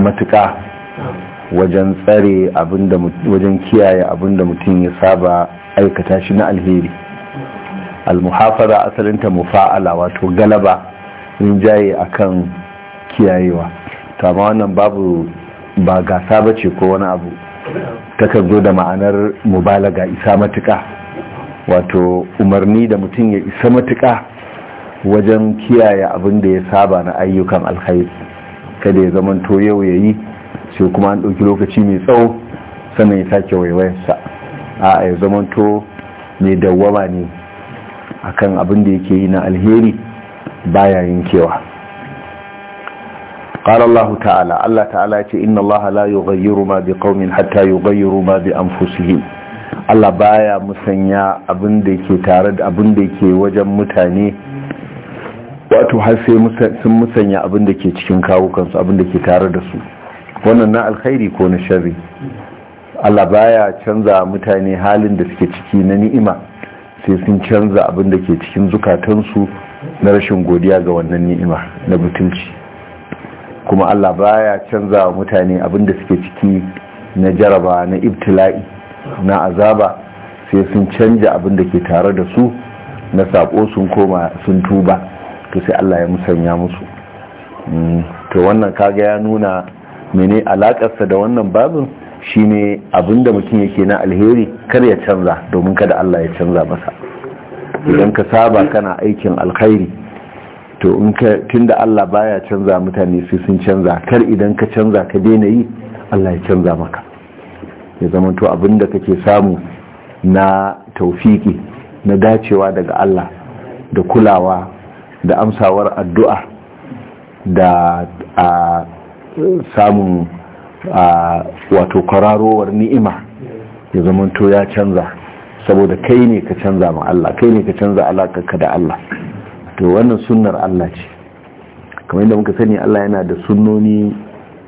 matuƙa wajen tsare wajen kiyaye abinda mutum ya saba aikata shi na alheri almuhafaza asalinta mufa'ala wato galaba rinjaye akan kiyayewa amma wannan babu ba gasa ba ce ko wani abu takan zo da ma'anar mubalaga isa matuƙa wato umarni da mutum ya isa matuƙa wajen kiyaye abin da ya saba na ayyukan alkhairi kada ya zama to yau ya yi sai kuma an ɗauki lokaci mai tsawo sannan ya sake waiwayarsa a ya zama to mai dawwama ne akan abin da yake yi na alheri baya yankewa ta'ala inna الله la yi تعالى إن bi ƙaunin hatta yi بقوم ma bi an fusuhi Allah baya musanya abin da ke tare da abin da ke wajen mutane wato har sai sun musanya abin da ke cikin kawukansu abin da ke tare da su wannan na alkhairi ko na shari Allah baya canza mutane halin da suke ciki na ni'ima sai sun canza abin da ke cikin zukatansu na rashin godiya ga wannan ni'ima na butulci kuma Allah baya canza mutane abin da suke ciki na jaraba na ibtila'i na azaba sai sun canja abin da ke tare da su na sako sun koma sun tuba to sai Allah ya musanya musu mm, to wannan kaga ya nuna mene alakarsa da wannan babin shine abinda mutum yake na alheri kar ya canza domin kada Allah ya canza masa idan ka saba kana aikin alkhairi to in ka tunda Allah baya canza mutane sai sun canza kar idan ka canza ka daina yi Allah ya canza maka ya zama to abinda kake samu na taufiki na dacewa daga Allah da kulawa da amsawar addu'a da a samun wato kwararowar ni'ima ya zamanto ya canza saboda kai ne ka canza ma Allah kai ne ka canza alaƙarka da Allah to wannan sunnar Allah ce kamar yadda muka sani Allah yana da sunnoni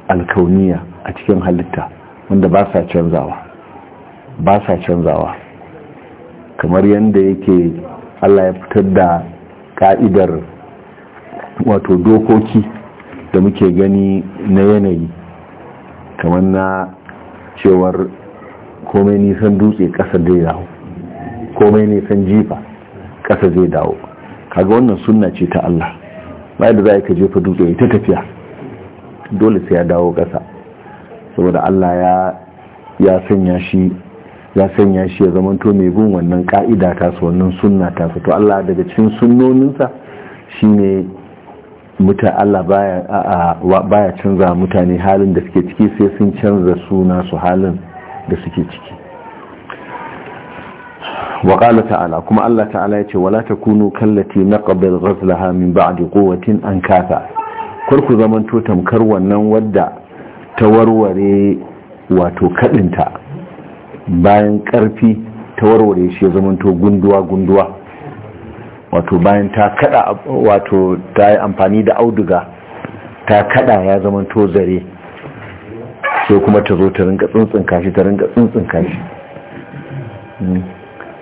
alkauniya a cikin halitta wanda ba sa canzawa ba sa canzawa kamar yadda yake Allah ya fitar da ka'idar wato dokoki da muke gani na yanayi kamar na cewar komai nisan dutse ƙasa zai dawo komai nisan jifa ƙasa zai dawo kaga wannan sunna ce ta Allah bayan da za a ka jefa dutse ta tafiya dole sai ya dawo ƙasa saboda Allah ya sanya shi ya sanya shi ya zamanto mai bin wannan ka'ida ta su wannan sunna ta su to Allah daga cikin sunnoninsa shine muta Allah baya canza mutane halin da suke ciki sai sun canza suna su halin da suke ciki wa qala ta'ala kuma Allah ta'ala ya ce wala takunu kallati naqbal ghazlaha min ba'di quwwatin an kafa kar ku zamanto tamkar wannan wadda ta warware wato kadinta bayan karfi ta warware shi ya zamanto gunduwa-gunduwa wato bayan ta kada wato ta yi amfani da auduga ta kada ya zamanto zare sai kuma ta zo ta ringa tsuntsun kashi ta ringa tsuntsun kashi hmm.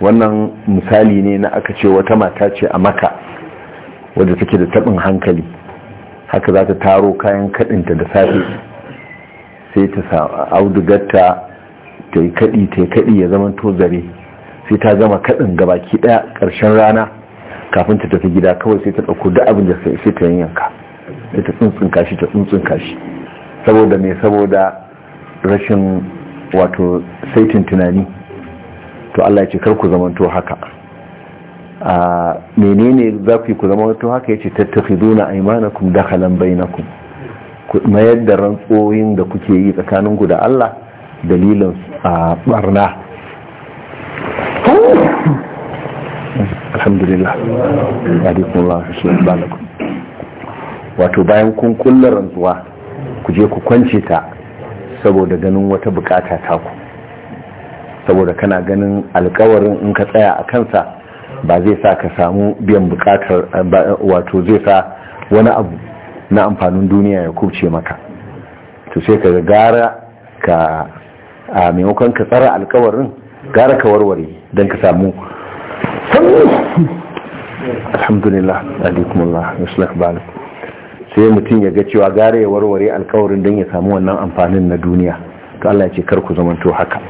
wannan misali ne na aka ce wata mata ce a maka wadda take da tabin hankali haka za ta taro kayan kadinta da safe sai ta audugarta ta yi kaɗi ta yi kaɗi ya zama to zare sai ta gama kaɗin gabaki ɗaya ƙarshen rana kafin ta tafi gida kawai sai ta ɗauko da abin da sai ta yanka sai ta tsuntsun kashi. ta tsuntsun kashi saboda me saboda rashin wato saitin tunani to Allah ya ce kar ku zamanto haka a menene za ku yi ku zamanto haka yace tattakhiduna aymanakum dakhalan bainakum ku mayar da rantsoyin da kuke yi tsakaninku da Allah dalilin a barna alhamdulillah wato bayan kun kulla rantsuwa ku je ku kwance ta saboda ganin wata bukata taku saboda kana ganin alkawarin in ka tsaya a kansa ba zai sa ka samu biyan bukatar wato zai sa wani abu na amfanin duniya ya kubce maka to sai ka gara ka a maimakon ka tsara alkawarin gara ka warware don ka samu alhamdulillah alikumallah yusuf balik sai mutum ya ga cewa gara ya warware alkawarin don ya samu wannan amfanin na duniya to Allah ya ce kar ku zamanto haka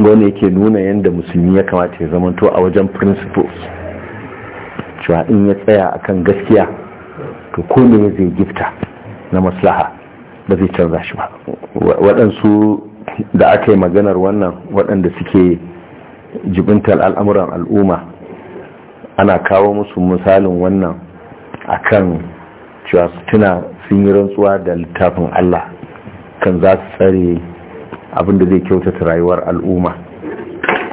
wanda yake nuna yadda musulmi ya kamata ya zamanto a wajen principles cewa in ya tsaya akan gaskiya to kone zai gifta na maslaha ba zai canza shi ba waɗansu da aka yi maganar wannan waɗanda suke jibintar al'amuran al'umma ana kawo musu misalin wannan akan cewa su tuna sun yi rantsuwa da littafin Allah kan za su tsare abinda zai kyautata rayuwar al'umma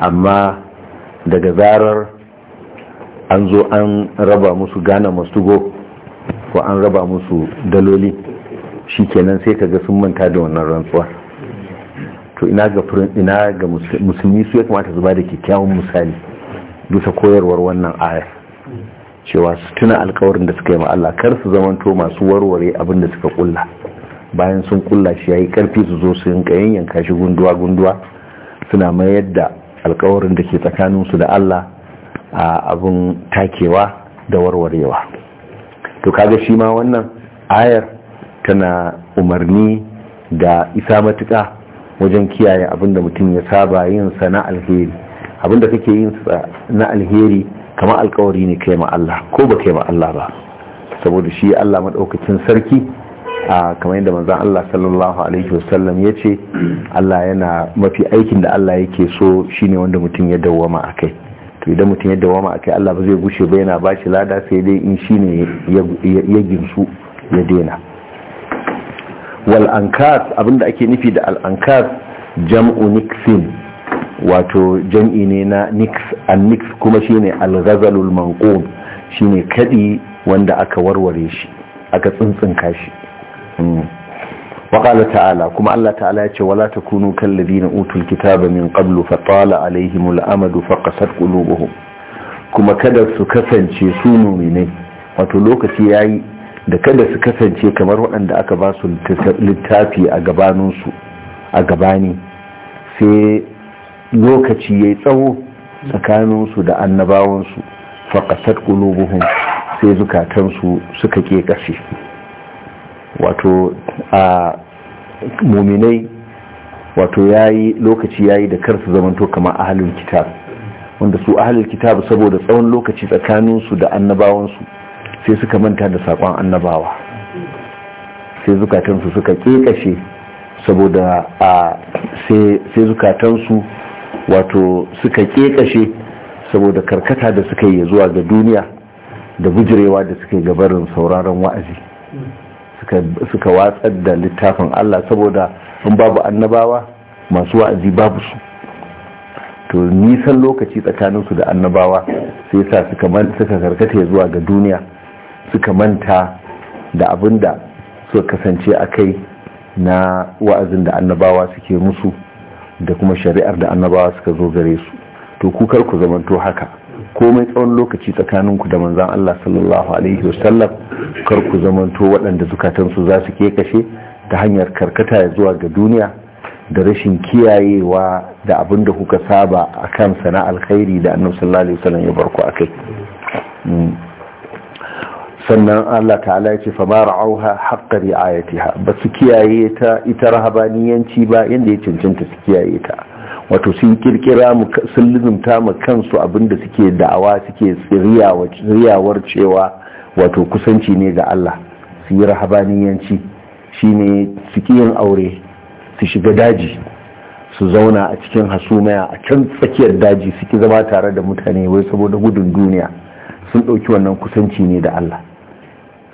amma daga zarar an zo an raba musu gana masu go ko an raba musu daloli shi kenan sai ka ga sun manta da wannan rantsuwar. to ina ga musulmi su ya kamata su da kyakkyawan misali bisa koyarwar wannan ayar cewa su tuna alkawarin da suka yi kar su zamanto masu warware abin da suka kulla bayan sun kulla shi yayi karfi su zo su rinka yanyan kashi gunduwa gunduwa suna mayar da alkawarin da ke tsakanin su da Allah a abin takewa da warwarewa to kaga shi ma wannan ayar tana umarni da isa matuƙa wajen kiyaye abinda mutum ya saba yin sa na alheri abinda kake yin sa na alheri kama alkawari ne kai ma Allah ko ba kai ma Allah ba saboda shi Allah madaukakin sarki a kamar yadda manzon Allah sallallahu alaihi wasallam ya ce Allah yana mafi aikin da Allah yake so shine wanda mutum ya dawwama akai to idan mutum ya dawama akai Allah ba zai gushe ba yana ba shi lada sai dai in shine ya ginsu ya daina Wal abin abinda ake nufi da al'ankas jam'u nixin wato jam'i ne na nix an nix kuma shine al-ghazalul manqum shine kadi wanda aka warware shi aka tsuntsunka shi hmm. waqala ta'ala kuma Allah ta'ala ya ce wala takunu kal ladina utul kitaba min qablu fa tala alaihimul amadu fa qasat qulubuhum kuma kada su kasance su mu'minai wato lokaci yayi da kada su kasance kamar waɗanda aka ba su littafi a gabaninsu a gabani sai lokaci ya yi tsawo tsakaninsu da annabawansu faƙasar ƙulubuhun sai zukatansu suka ke ƙashe wato a muminai wato yayi lokaci yayi da karsu su zamanto kamar ahalin kitab wanda su ahalin kitab saboda tsawon lokaci tsakaninsu da annabawansu sai suka manta da saƙon annabawa sai zukatansu suka ƙeƙashe saboda a sai zukatansu wato suka ƙeƙashe saboda karkata da suka yi zuwa ga duniya da bujirewa da suka yi gabarin sauraron wa'azi suka watsar da littafin Allah saboda in babu annabawa masu wa'azi babu su to nisan lokaci tsakaninsu da annabawa sai sa suka karkata zuwa ga duniya suka manta da abin da suka kasance a kai na wa'azin da annabawa suke musu da kuma shari'ar da annabawa suka zo gare su to kukar ku zamanto haka komai tsawon lokaci tsakaninku da manzan Allah sallallahu alaihi wasallam kar ku zamanto waɗanda zukatansu za su ke kashe ta hanyar karkata ya zuwa ga duniya da rashin kiyayewa da abin da kuka saba a kan sana'ar alkhairi da annabi sallallahu alaihi wasallam ya barku akai mm. sannan Allah ta'ala ya ce fa ma ra'auha haqqa ri'ayatiha ba su kiyaye ta ita rahabaniyanci ba inda ya cancanta su kiyaye ta wato sun kirkira mu sun lizumta mu kansu abinda suke da'awa suke tsiriyawar cewa wato kusanci ne ga Allah su yi rahabaniyanci shine su yin aure su shiga daji su zauna a cikin hasumaya a can tsakiyar daji suke zama tare da mutane wai saboda gudun duniya sun ɗauki wannan kusanci ne da Allah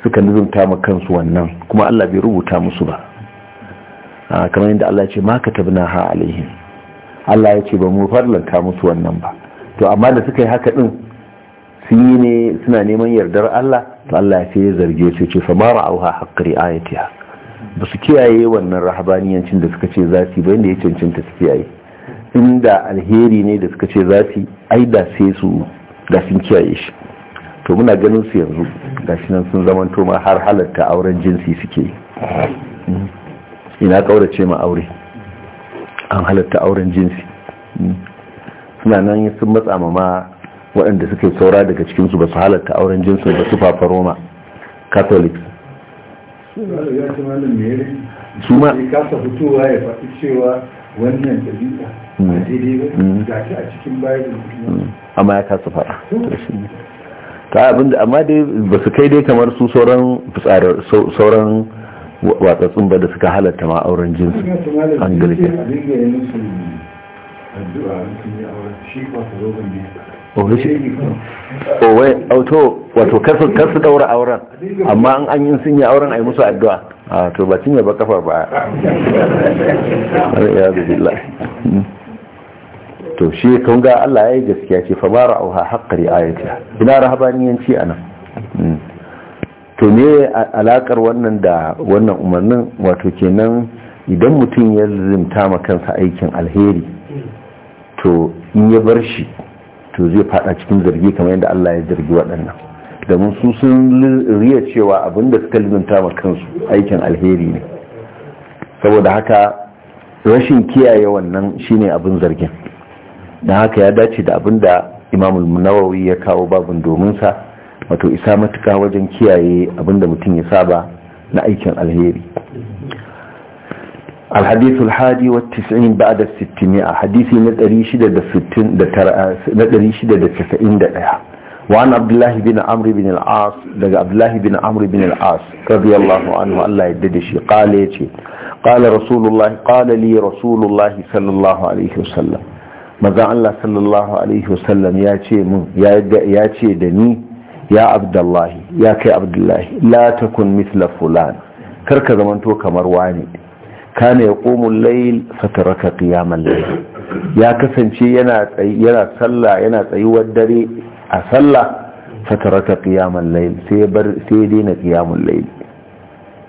suka nuzumta ma kansu wannan kuma Allah bai rubuta musu ba kamar yadda Allah ce ma na ha alaihim Allah ya ce ba mu farlanta musu wannan ba to amma da suka yi haka din su yi ne suna neman yardar Allah to Allah ya sai zarge su ce fa ma ra'auha haqqa ri'ayatiha ba su kiyaye wannan rahabaniyancin da suka ce za su yi ba inda ya cancanta su kiyaye inda alheri ne da suka ce za ai da sai su da sun kiyaye shi to muna ganin su yanzu gashi nan sun zaman ma har halatta auren jinsi suke mm. ina kaurace ma aure an halatta auren jinsi mm. suna nan sun matsa ma waɗanda suke saura daga cikinsu ba su halatta auren jinsi ba su fafa roma catholic su ma kasa fitowa ya faɗi cewa wannan ɗabi'a a mm. daidai ba ta a cikin bayan amma ya kasa faɗa ka abin da amma dai ba su kai dai kamar su sauran fitsarar sauran watsatsun ba da suka halatta ma auren jinsi an gilke yi. auto oh, oh, wato kar su daura auren amma an an yi sun yi auren a yi musu addu'a a ah, to ba cinye ba kafa ba ya zubi to shi kan ga Allah ya yi gaskiya ce fa ba ra'auha haqqa ri'ayatiha ina rahabaniyanci anan hmm. to ne alakar wannan da wannan umarnin wato kenan idan mutum ya zimta ma kansa aikin alheri to in ya bar shi to zai fada cikin zargi kamar yadda Allah ya zargi waɗannan mun su sun riya cewa abin da suka zimta ma kansu aikin alheri ne saboda haka rashin kiyaye wannan shine abin zargin don haka ya dace da abin da imamul ya kawo babin dominsa wato isa matuka wajen kiyaye abin da mutum ya saba na aikin alheri alhadisul hadi wa 90 ba da 60 a hadisi na 661 وعن عبد الله بن عمرو بن العاص لقى عبد الله بن عمرو بن العاص رضي الله عنه الله يددشي قال يتي قال رسول الله قال لي رسول الله صلى الله عليه وسلم maza Allah sallallahu alaihi wasallam ya ce mun ya ce da ni ya abdullahi ya kai abdullahi la takun mithla fulan karka zamanto kamar wani kana yaqumu al-layl fataraka qiyam layl ya kasance yana yana sallah yana tsayuwar dare a sallah fataraka qiyam al-layl sai bar sai daina qiyam al-layl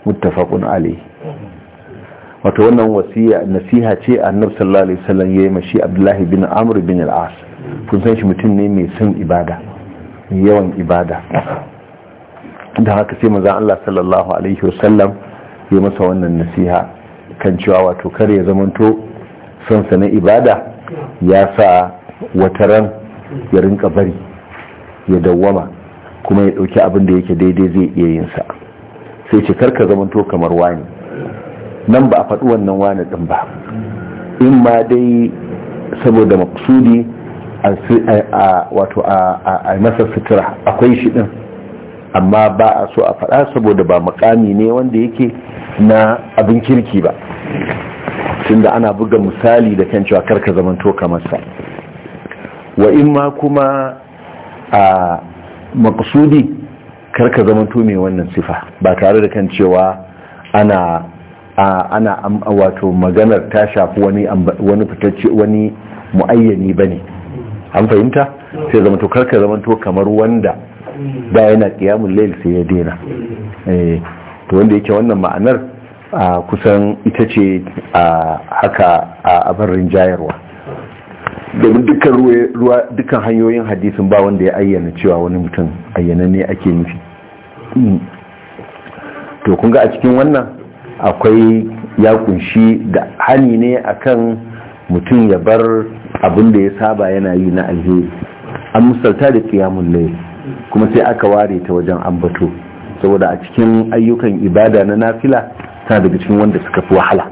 muttafaqun wato wannan wasiya nasiha ce annabi sallallahu alaihi wasallam yayi mashi abdullahi bin amr bin al-as kun san shi mutum ne mai son ibada mai yawan ibada da haka sai manzo Allah sallallahu alaihi wasallam ya masa wannan nasiha kan cewa wato kar ya zamanto son sa na ibada ya sa wata ran ya rinka bari ya dawwama kuma ya dauki abin da yake daidai zai iya yin sa sai ce karka zamanto kamar wani nan ba a faɗi wannan wani ɗin ba in ma dai saboda maksudi a wato a masa sutura akwai shi ɗin amma ba a so a faɗa saboda ba makami ne wanda yake na abin kirki ba tunda ana buga misali da kan cewa karka zamanto kamar sa wa in ma kuma a maksudi karka zamanto mai wannan sifa ba tare da kan cewa ana ana wato maganar ta shafi wani wani fitacce wani muayyani bane an fahimta sai zama to karka zama to kamar wanda Ba yana qiyamul layl sai ya dena eh to wanda yake wannan ma'anar kusan ita ce haka abin rinjayarwa domin dukkan ruwa dukkan hanyoyin hadisin ba wanda ya ayyana cewa wani mutum ayyana ne ake nufi hmm. to kun ga a cikin wannan akwai ya kunshi da hani ne a kan mutum ya bar abin da ya saba yana yi na alheri an misalta da kiyamun lai kuma sai aka ware ta wajen ambato saboda a cikin ayyukan ibada na nafila ta daga cikin wanda suka fi wahala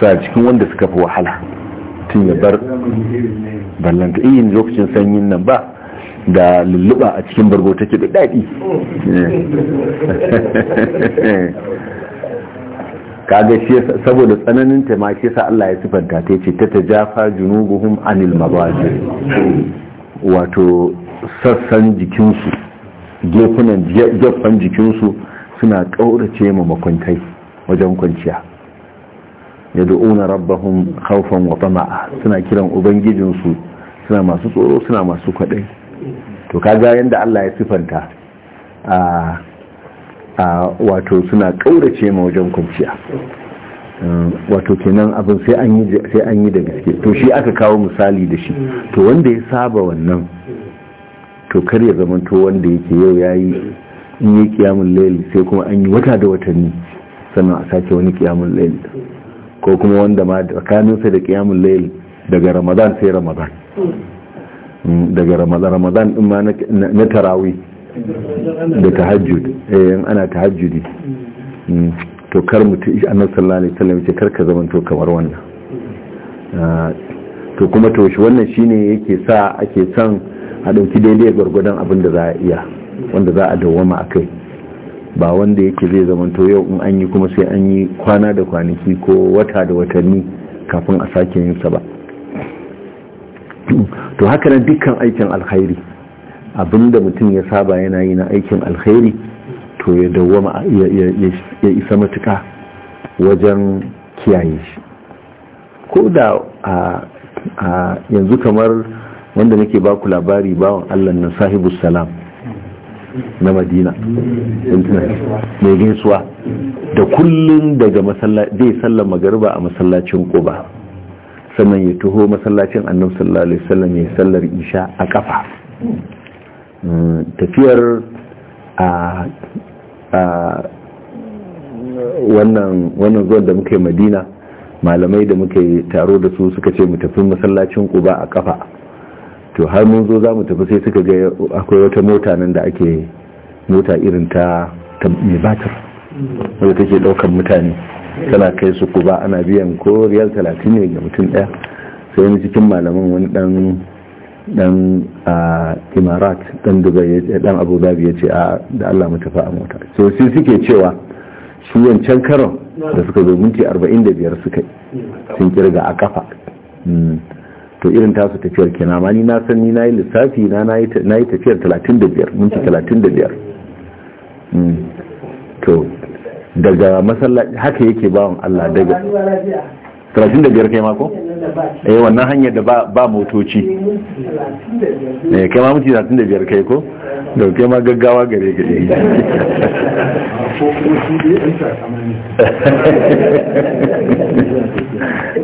sa cikin wanda suka fi wahala tun ya bar ballanta iyin eh, lokacin sanyin nan ba da lulluba a cikin bargo take da daɗi eh. kaga shi saboda tsananin ta ma shi sa Allah ya sifanta ta ce ta tajafa junubuhum anil mabaji wato sassan jikinsu gefunan gefen jikinsu suna kaurace ma makwantai wajen kwanciya yad'una rabbahum khawfan wa tama'a suna kiran ubangijinsu suna masu tsoro suna masu kwadai to kaga yanda Allah ya sifanta a ah, a wato suna kaurace ma wajen kwanciya um, wato kenan abin sai an yi da gaske to shi aka kawo misali da shi to wanda ya saba wannan to kar ya zama to wanda yake yau ya yi in yi kiyamun laili sai kuma an yi wata da watanni sannan a sake wani kiyamun laili ko kuma wanda ma tsakaninsa da kiyamun laili daga ramadan sai ramadan hmm. Hmm, daga ramadan din ma na tarawi da tahajjud eh ana tahajjudi mm. to kar mutu annabi sallallahu alaihi wasallam ce kar ka zaman to kamar wannan ah, to kuma to shi wannan shine yake sa ake son a dauki daidai gwargwadon abin da za a iya wanda za a dawwama akai ba wanda yake zai zaman to yau in an yi kuma sai an yi kwana da kwanaki ko wata da watanni kafin a sake yin sa ba to haka nan dukkan aikin alkhairi abinda mutum ya saba yana yi na aikin alkhairi to ya dawoma ya isa matuka wajen kiyaye shi ko da a yanzu kamar wanda nake baku labari bawan allah na sahibu salam na madina mai gaisuwa da kullum daga zai sallar magarba a masallacin kuba sannan ya taho masallacin annan sallallahu sallar isha a ƙafa. tafiyar a wannan zuwan da muka yi madina malamai da muka taro da su suka ce mu tafi masallacin kuba a kafa to har mun zo za mu tafi sai suka ga akwai wata mota nan da ake mota irin ta mai batar wadda take daukan mutane tana kai su kuba ana biyan ko riyal talatin ne ga mutum ɗaya, sai wani cikin malamin wani ɗan. dan imarat dan dubai dan abu dhabi ya ce a da allah mu tafi a mota so sai suke cewa su wancan karon da suka zo minti 45 suka sun kirga a kafa hmm. to irin tasu tafiyar kenan ma ni na san ni na yi lissafi na na yi tafiyar 35 minti 35 hmm. to daga masallaci haka yake bawon allah daga Talatin da biyar kai mako? eh wannan hanyar da ba motoci eh kai ma mutu talatin da biyar kai ko? da kai ma gaggawa gare gare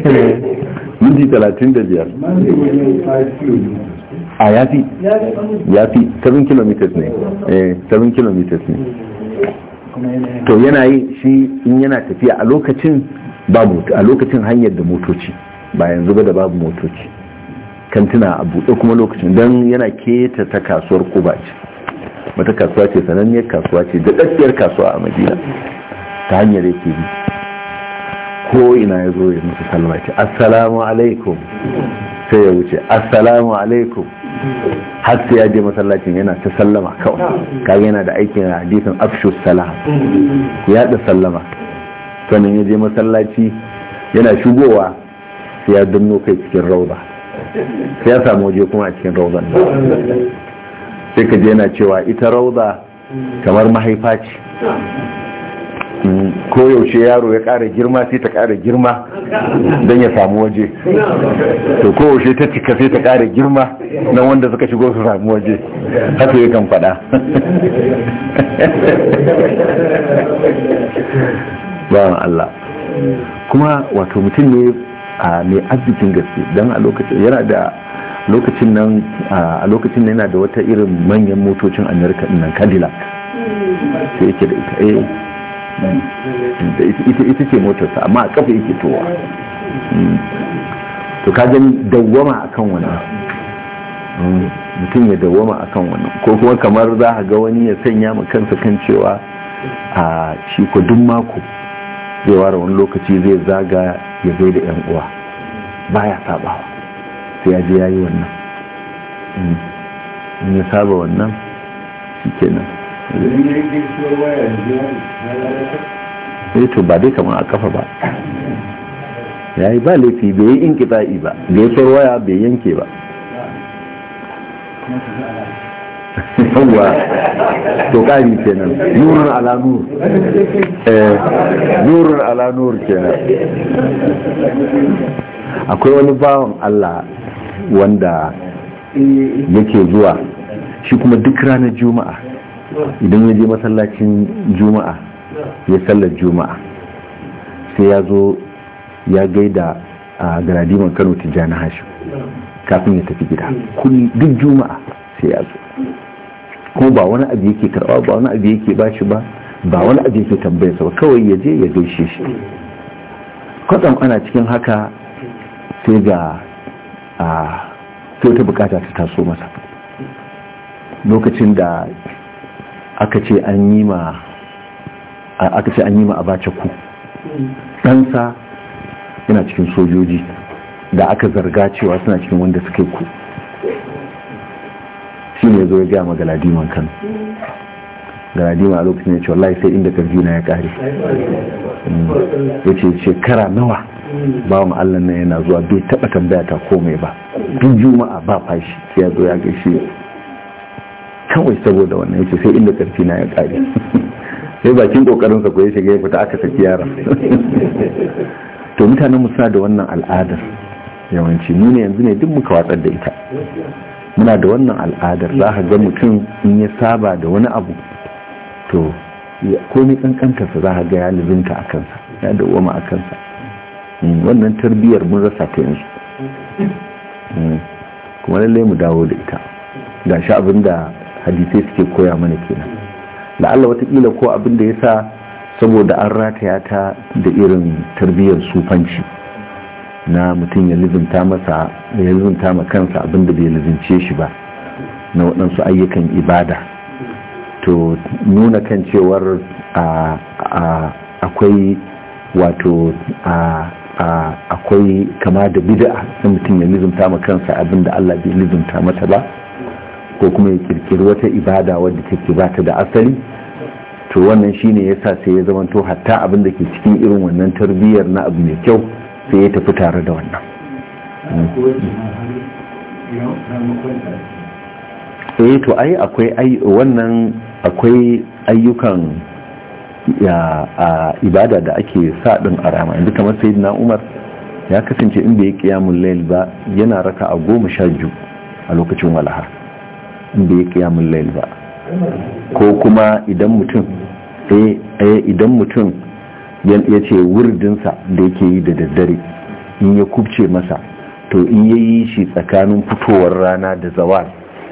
minti talatin da biyar a ya fi ya fi 7 kilometers ne Eh 7 kilometers ne to yana yi shi in yana tafiya a lokacin ba a lokacin hanyar da motoci ba yanzu ba da babu motoci kantuna a buɗe kuma lokacin don yana keta ta kasuwar kuba ce wata kasuwa ce sananniyar kasuwa ce da ɗaɗɗiyar kasuwa a madina ta hanyar yake bi ko ina ya zo ya musu salma ce assalamu alaikum sai ya wuce assalamu alaikum har sai ya je masallacin yana ta sallama kawai kaga yana da aikin hadisin afshu salam ya da sallama sannan ya je masallaci yana shigowa sai ya danno kai cikin rauda sai ya samu waje kuma a cikin raudan sai ka je yana cewa ita rauda kamar mahaifa ce koyaushe yaro ya ƙara girma sai ta ƙara girma don ya samu waje to koyaushe ta cika sai ta ƙara girma na wanda suka shigo su samu waje haka yakan faɗa bawan Allah kuma wato mutum ne a mai arzikin gaske don a lokacin yana da lokacin nan a lokacin nan yana da wata irin manyan motocin amurka nan cadillac sai yake da ita eh ita ita ce motarsa amma a kafa yake towa hmm. to ka gani a kan wani, hmm. mutum ya dawwama kan wani, ko kuma kamar za ga wani ya sanya ma kansa kan cewa a shi ko duk mako zai ware wani lokaci zai zaga ya zai da yan uwa baya sabawa sai ya je ya yi wannan mm. in ya saba wannan shi kenan eh to ba dai kamar a kafa ba ya yi ba laifi bai yi in ba bai yi waya bai yanke ba yawwa to kari kenan nurun ala nur eh nurun ala nur kenan akwai wani bawan Allah wanda yake zuwa shi kuma duk ranar juma'a idan ya je masallacin juma'a ya sallar juma'a sai ya zo ya gaida a garadiman kano tijjani hashi kafin ya tafi gida duk juma'a sai ya zo Ko ba wani abu yake karɓa ba wani abu yake bashi ba ba wani abu yake tambayarsa ba kawai ya je ya gaishe shi kwatsam ana cikin haka sai ga a sai ta bukata ta taso masa lokacin da aka ce an yi ma aka ce an yi ma bace ku ɗansa yana cikin sojoji da aka zarga cewa suna cikin wanda suka yi ku ne zo ya gaya ma galadiman kan galadima a lokacin ya ce wallahi sai inda karfi na ya kare ya ce shekara nawa bawan allah na yana zuwa bai taba tambaya ta komai ba duk juma'a ba fashi sai ya zo ya gaishe kawai saboda wannan ya ce sai inda karfi na ya kare sai bakin kokarinsa ko ya shiga ya fita aka saki yara to mutanen mu suna da wannan al'adar yawanci mu ne yanzu ne duk muka watsar da ita muna da wannan al'adar za ka ga mutum in ya saba da wani abu to komai kankantarsa za ka ga ya lizinta a kansa ya dawoma a kansa mm, wannan tarbiyyar mun rasa ta yanzu mm, kuma lallai mu dawo da ita ga shi abin da hadisai suke koya mana kenan la'alla watakila ko abin da ya sa saboda an rataya ta da irin tarbiyyar sufanci na mutum ya lizinta ma kansa abinda bai lizince shi ba na waɗansu ayyukan ibada to nuna kan cewar akwai wato akwai kama da bid'a na mutum ya lizinta ma kansa abinda Allah bai lizinta mata ba ko kuma ya kirkiri wata ibada wadda take ba ta da asali to wannan shine yasa sai ya zamanto hatta abinda ke cikin irin wannan tarbiyyar na abu mai kyau sai ya tafi tare da wannan eh to ai akwai wannan akwai ayyukan a ibada da ake sa din a rama inda kamar sayyidina umar ya kasance in bai qiyamul lail ba yana raka a goma sha biyu a lokacin walaha in bai qiyamul lail ba ko kuma idan mutum eh, eh idan mutum ya ce wurdinsa da yake yi da daddare in ya kubce masa to in ya yi shi tsakanin fitowar rana da zawar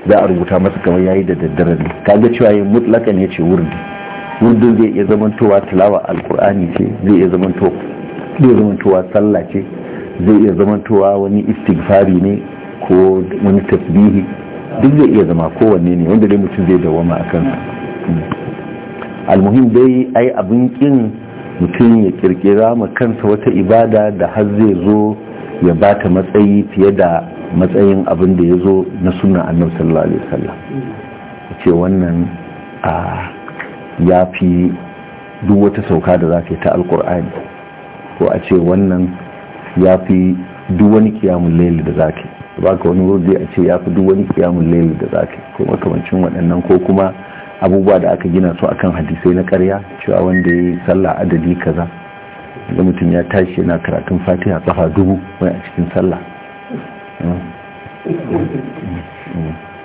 za a rubuta masa kamar ya yi da daddare ne kaga cewa yin mutlakan ya ce wurdi wurdin zai iya zamantowa tilawa alkur'ani ce zai iya zamantowa sallah ce zai iya zamantowa wani istighfari ne ko wani tasbihi duk zai iya zama kowanne ne wanda dai mutum zai dawama a kansa Al-muhim dai ai abin kin mutum ya kirkira ma kansa wata ibada da har zai zo ya ba ta matsayi fiye da matsayin abin da ya zo na suna annabi sallallahu alaihi wasallam ce wannan a ya fi duk wata sauka da za ka yi ta alkur'ani ko a ce wannan ya fi duk wani kiyamun laili da za ka yi ba ka wani wurdi a ce ya fi duk wani kiyamun laili da za ka yi ko makamancin waɗannan ko kuma abubuwa da aka gina su akan hadisai na karya cewa wanda ya yi sallah adadi kaza da mutum ya tashi yana karatun fatiha tsafa dubu wai a cikin sallah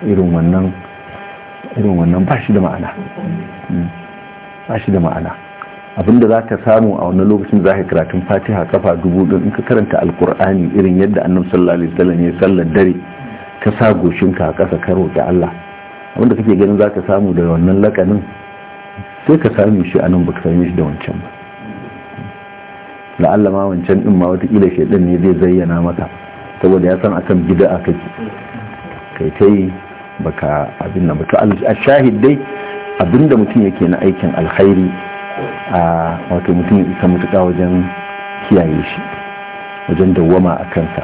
irin wannan irin wannan ba shi da ma'ana ba shi da ma'ana abinda za ka samu a wani lokacin za ka karatun fatiha kafa dubu don in ka karanta alkur'ani irin yadda annabi sallallahu alaihi wasallam ya sallar dare ka sa goshinka a ƙasa ka roƙi Allah wanda kake ganin za ka samu da wannan lakanin sai ka sami shi a nan baka ka sami shi da wancan ba la'alla ma wancan in ma watakila shaidan ne zai zayyana maka saboda ya san akan gida a kai ta yi baka abin nan mutu a shahidai abinda mutum yake na aikin alkhairi a wato mutum ya isa mutuka wajen kiyaye shi wajen dawwama a kansa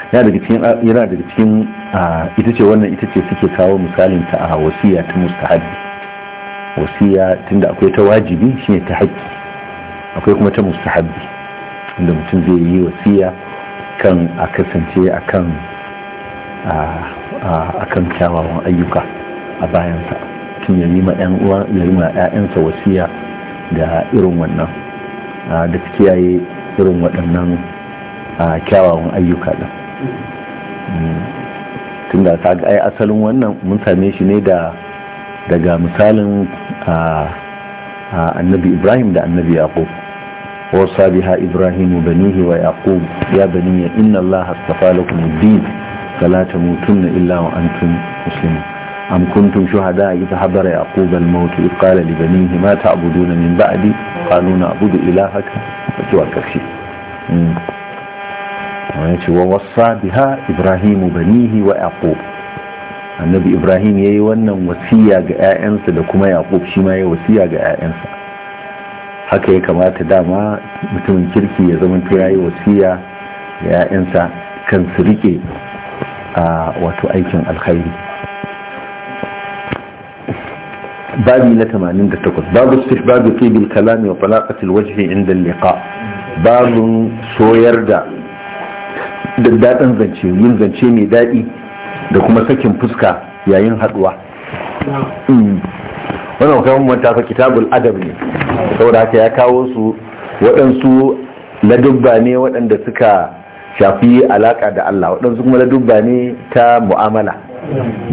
ya daga cikin yana daga cikin ita ce wannan ita ce suke kawo misalin ta a wasiya ta mustahabi wasiya tunda akwai ta wajibi shine ta haƙƙi akwai kuma ta mustahabi inda mutum zai yi wasiya kan a kasance akan akan kyawawan ayyuka a bayansa tun ya yi ma wasiya da irin wannan da kiyaye irin waɗannan kyawawan ayyuka ɗin Tunda da ta ai asalin wannan mun same shi ne da daga misalin annabi ibrahim da annabi yaqub wasa biha ibrahimu banihi wa yaqub ya bani ya inna allah astafa lakum din fala tamutunna illa wa antum muslimun am kuntum shuhada idha hadara yaqub al-maut idh qala li banihi ma ta'buduna min ba'di qalu na'budu ilahaka wa tuwakkashi wani ce wa wasa biha ibrahimu banihi wa yaqub annabi ibrahim ya yi wannan wasiya ga 'ya'yansa da kuma yaqub shi ma ya wasiya ga 'ya'yansa haka ya kamata dama mutumin kirki ya zama ya yi wasiya ga 'ya'yansa kan su rike a wato aikin alkhairi babi na 88 babu istihbabi qibil kalami wa talaqati alwajhi inda liqa babun soyar da daɗin zance yin zance mai daɗi da kuma sakin fuska yayin haɗuwa hmm. wannan kawai ta fa kitabul adab ne saboda ya kawo su waɗansu ladubba ne waɗanda suka shafi alaƙa da Allah waɗansu kuma ladubba ne ta mu'amala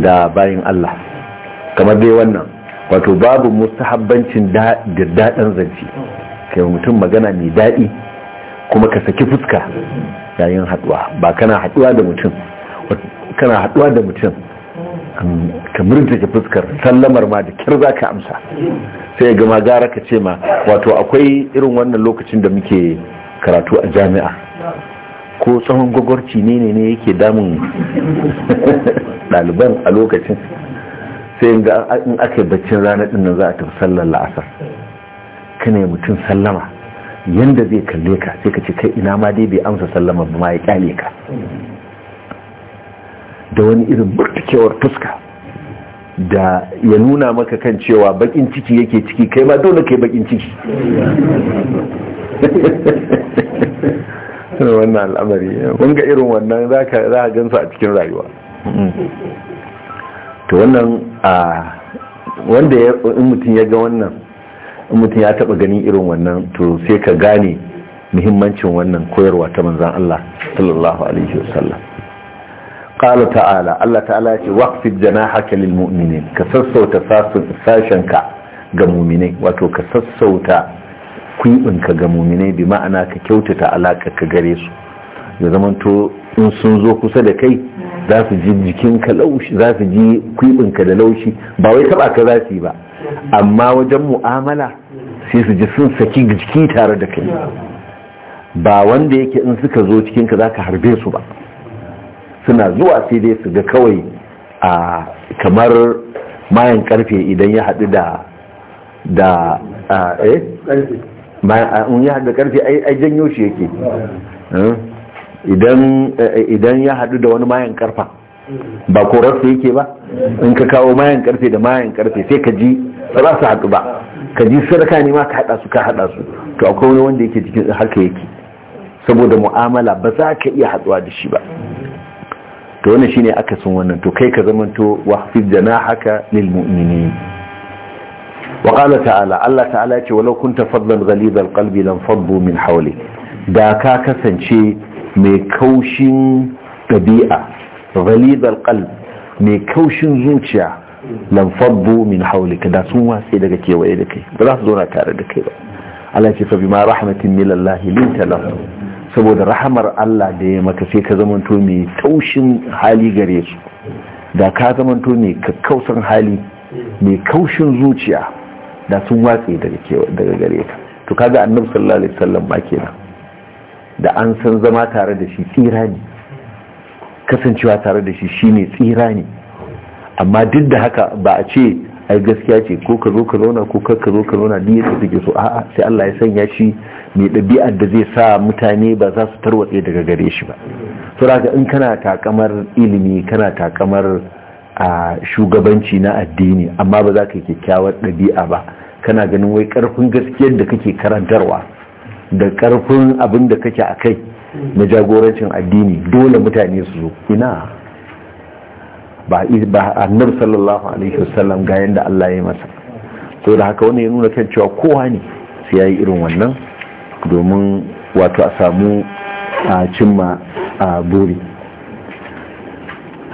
da bayan Allah kamar dai wannan wato babu mustahabbancin daɗin zance kai mutum magana mai daɗi kuma ka saki fuska yayin haduwa ba kana haduwa da mutum kana haduwa da mutum um, ka murtake fuskar sallamar ma da kyar za ka amsa sai ga magara ka ce ma wato akwai irin wannan lokacin da muke karatu a jami'a ko tsawon gwagwarci ne ne yake damun ɗaliban a lokacin sai ga in aka yi baccin rana ɗin nan za a tafi sallar la'asar kana mutum sallama yanda zai kalle ka sai ka ce kai ina ma dai bai amsa sallama ba ma ya kyale ka da wani irin burtukewar fuska da ya nuna maka kan cewa bakin ciki yake ciki kai ma dole kai bakin ciki wannan al'amari ga irin wannan za ka gansa a cikin rayuwa to wannan a ah, wanda in mutum ya ga wannan in mutum ya taba ganin irin wannan to sai ka gane muhimmancin wannan koyarwa ta manzan Allah sallallahu alaihi wasallam qala ta'ala Allah ta'ala ya ce waqfid janahaka lil mu'minin ka sassauta sashenka ga mu'minai wato ka sassauta kuibinka ga mu'minai bi ma'ana ka kyautata alaka ka gare su ya to in sun zo kusa da kai za su ji jikinka laushi za su ji kuibinka da laushi ba wai taba ka za su yi ba amma wajen mu'amala sai su ji sun saki jiki tare da kai ba wanda yake in suka zo cikinka za ka harbe su ba suna zuwa sai dai su ga kawai a kamar mayan karfe idan ya haɗu da da eh ya haɗu da karfe ai janyo shi yake hmm? eh, idan ya haɗu da wani mayan karfa ba korarsa yake ba in ka kawo mayan karfe da mayan karfe sai ka ji ba za su haɗu ba ka ji sadaka ne ma ka haɗa su ka haɗa su to akwai wani wanda yake cikin haka yake saboda mu'amala ba za ka iya haɗuwa da shi ba to wannan shine aka sun wannan to kai ka zamanto wahfiz haka lil mu'minin wa qala ta'ala Allah ta'ala ya ce walau kunta fadlan ghalid al lan faddu min hawli da ka kasance mai kaushin ɗabi'a ghalidal qalb mai kaushin zuciya lan faddu min hawlika da sun wase daga kewaye da kai ba za su zauna tare da kai ba Allah ce fa ma rahmatin min Allah linta lahu saboda rahamar Allah da ya maka sai ka zamanto mai taushin hali gare su da ka zamanto mai kakkausan hali mai kaushin zuciya da sun watse daga gare ka to kaga annabi sallallahu alaihi wasallam ma kenan da an san zama tare da shi tsira ne kasancewa tare da shi shine tsira ne amma duk da haka ba a ce ai gaskiya ce ko ka zo ka zauna ko kar ka zo ka zauna ni yadda take so a'a sai Allah ya sanya shi mai ɗabi'ar da zai sa mutane ba za su tarwatse daga gare shi ba saboda in kana takamar ilimi kana takamar a shugabanci na addini amma ba za ka yi kyakkyawar ɗabi'a ba kana ganin wai ƙarfin gaskiyar da kake karantarwa da ƙarfin abin da kake a kai na jagorancin addini dole mutane su zo ina ba annabi sallallahu alaihi wasallam ga yanda Allah ya masa to da haka wani ya nuna kan cewa kowa ne sai yayi irin wannan domin wato a samu a cimma a buri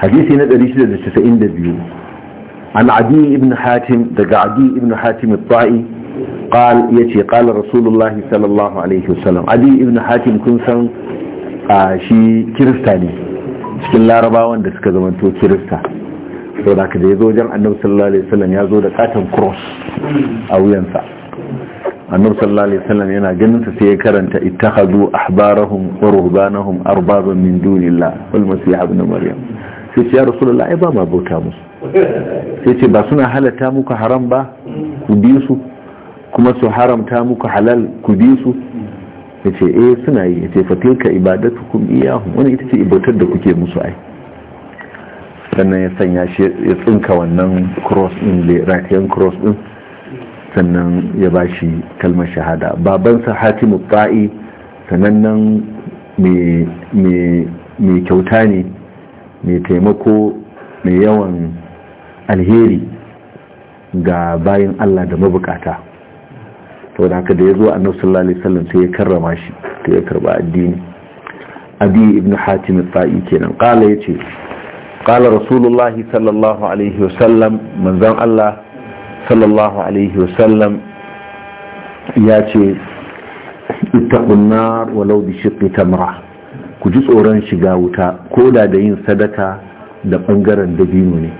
hadisi na 692 an adi ibn hatim daga adi ibn hatim al-ta'i قال يتي قال رسول الله صلى الله عليه وسلم عدي ابن حاتم كن سن شي كريستا ne cikin larabawan da suka zamanto kirista sau da da ya zo jan annabi sallallahu alaihi wasallam ya zo da katon cross a wuyansa annabi sallallahu alaihi wasallam yana ganin sa sai ya karanta ittakhadhu ahbarahum wa ruhbanahum arbaban min dunillah wal masih ibn maryam sai ya rasulullahi ba ma bauta musu sai ce ba suna halatta muku haram ba ku bi su kuma su haramta muku halal ku bi su ya ce eh suna yi ya ce fatilka ibadatukum iyahu wani ita ce ibautar da kuke musu ai sannan ya sanya shi ya tsinka wannan cross din rakiyan cross din sannan ya ba shi kalmar shahada babansa hatimu ta'i sanannen mai kyauta ne mai taimako mai yawan alheri ga bayan allah da mabukata to da haka da ya zo annabi sallallahu alaihi wasallam sai ya karrama shi ta ya karba addini abi ibn hatim al-fa'i kenan qala yace qala rasulullahi sallallahu alaihi wasallam manzon Allah sallallahu alaihi wasallam yace ittaqun nar walau bi shiqqi tamra ku ji tsoron shiga wuta ko da da yin sadaka da bangaren dabino ne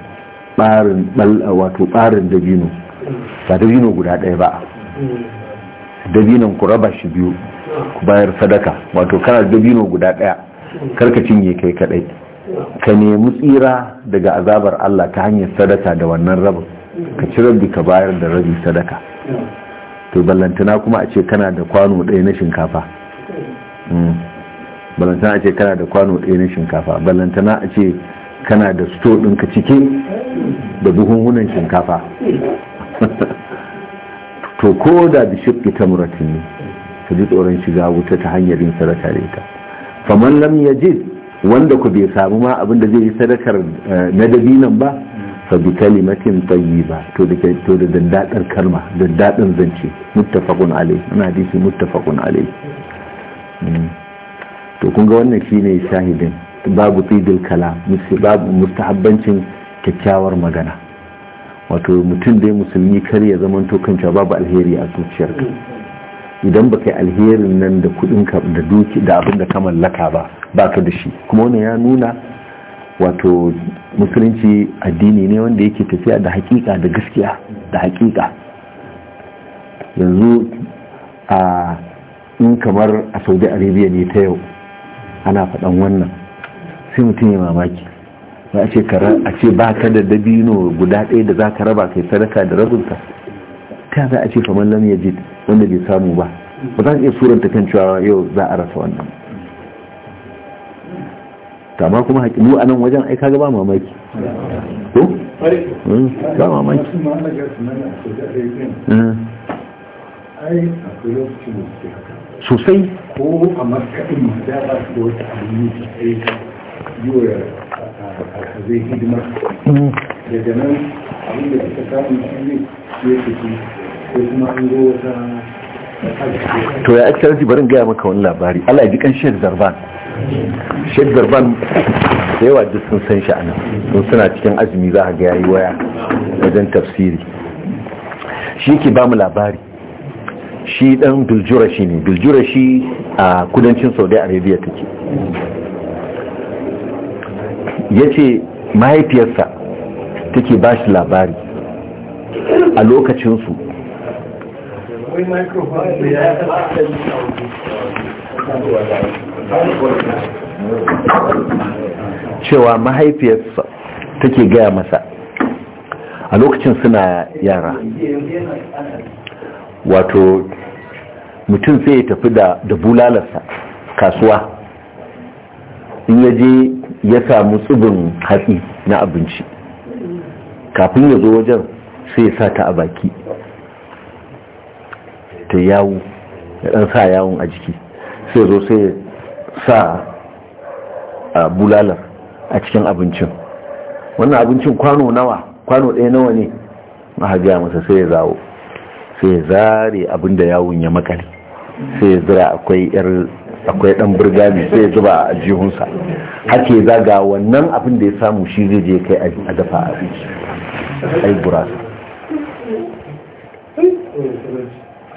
barin wato barin dabino ba dabino guda ɗaya ba dabinan ku raba shi biyu ku bayar sadaka wato kana dabino guda daya karka cinye kai kadai ka nemi tsira daga azabar Allah ta hanyar sadaka da wannan rabin ka ci rabbi ka bayar da rabi sadaka to ballantana kuma a ce kana da kwano ɗaya na shinkafa hmm. ballantana a ce kana da kwano ɗaya na shinkafa ballantana a ce kana da sto ɗinka cike da buhunhunan shinkafa to ko da bi shiqqi tamratin ne ka ji tsoron shiga wuta ta hanyar yin sadaka da ita faman lam yajid wanda ku bai samu ma abin da zai yi sadakar eh, na dabinan ba fa bi kalimatin tayyiba to da to da daddadar kalma daddadin zance muttafaqun alai ana hadisi muttafaqun alai hmm. to kun ga wannan shine shahidin babu tidil kalam babu mustahabbancin kyakkyawar magana wato mutum dai musulmi kar ya zama to kanta babu alheri a zuciyarka idan baka yi alherin nan da kudin ka da duki da abin da ka mallaka ba baka da shi kuma wannan ya nuna wato musulunci addini ne wanda yake tafiya da hakika da gaskiya da hakika yanzu a in kamar a saudi arabia ne ta yau ana faɗan wannan sai mutum ya mamaki a ce a ce ba ka da dabino guda ɗaya da za ka raba kai sadaka da rabinka ta za a ce kamar lam ya ji wanda bai samu ba ba za ka iya suranta kan cewa yau za a rasa wannan kama kuma haƙi mu a nan wajen aika kaga ba mamaki ko hmm, ba mamaki hmm. sosai ko a makaɗin da ba su da wata yi zai hidima abin da to ya barin gaya maka wani labari Allah ya kan Zarban Sheik Zarban da yawa duk sun san sha'ana sun suna cikin azumi za a ga yi waya wajen tafsiri shi ke ba mu labari shi dan shi ne shi a kudancin Saudi Arabia take ya ce mahaifiyarsa take ba shi labari a lokacinsu cewa mahaifiyarsa take gaya masa a lokacin suna yara wato mutum sai ya tafi da bulalarsa kasuwa in ya je ya samu tsibin hatsi na abinci kafin ya zo wajen sai ya sa ta a baki ta yawo ya ɗan sa yawon a jiki sai zo sai ya sa a bulalar a cikin abincin wannan abincin kwano nawa kwano ɗaya nawa ne mahajiya masa sai ya zawo sai ya zare abinda yawon ya makale sai ya zira akwai 'yar akwai dan burgami sai zuba a jihunsa hake zaga wannan abin da ya samu shi zai je kai a dafa abinci ai gurasa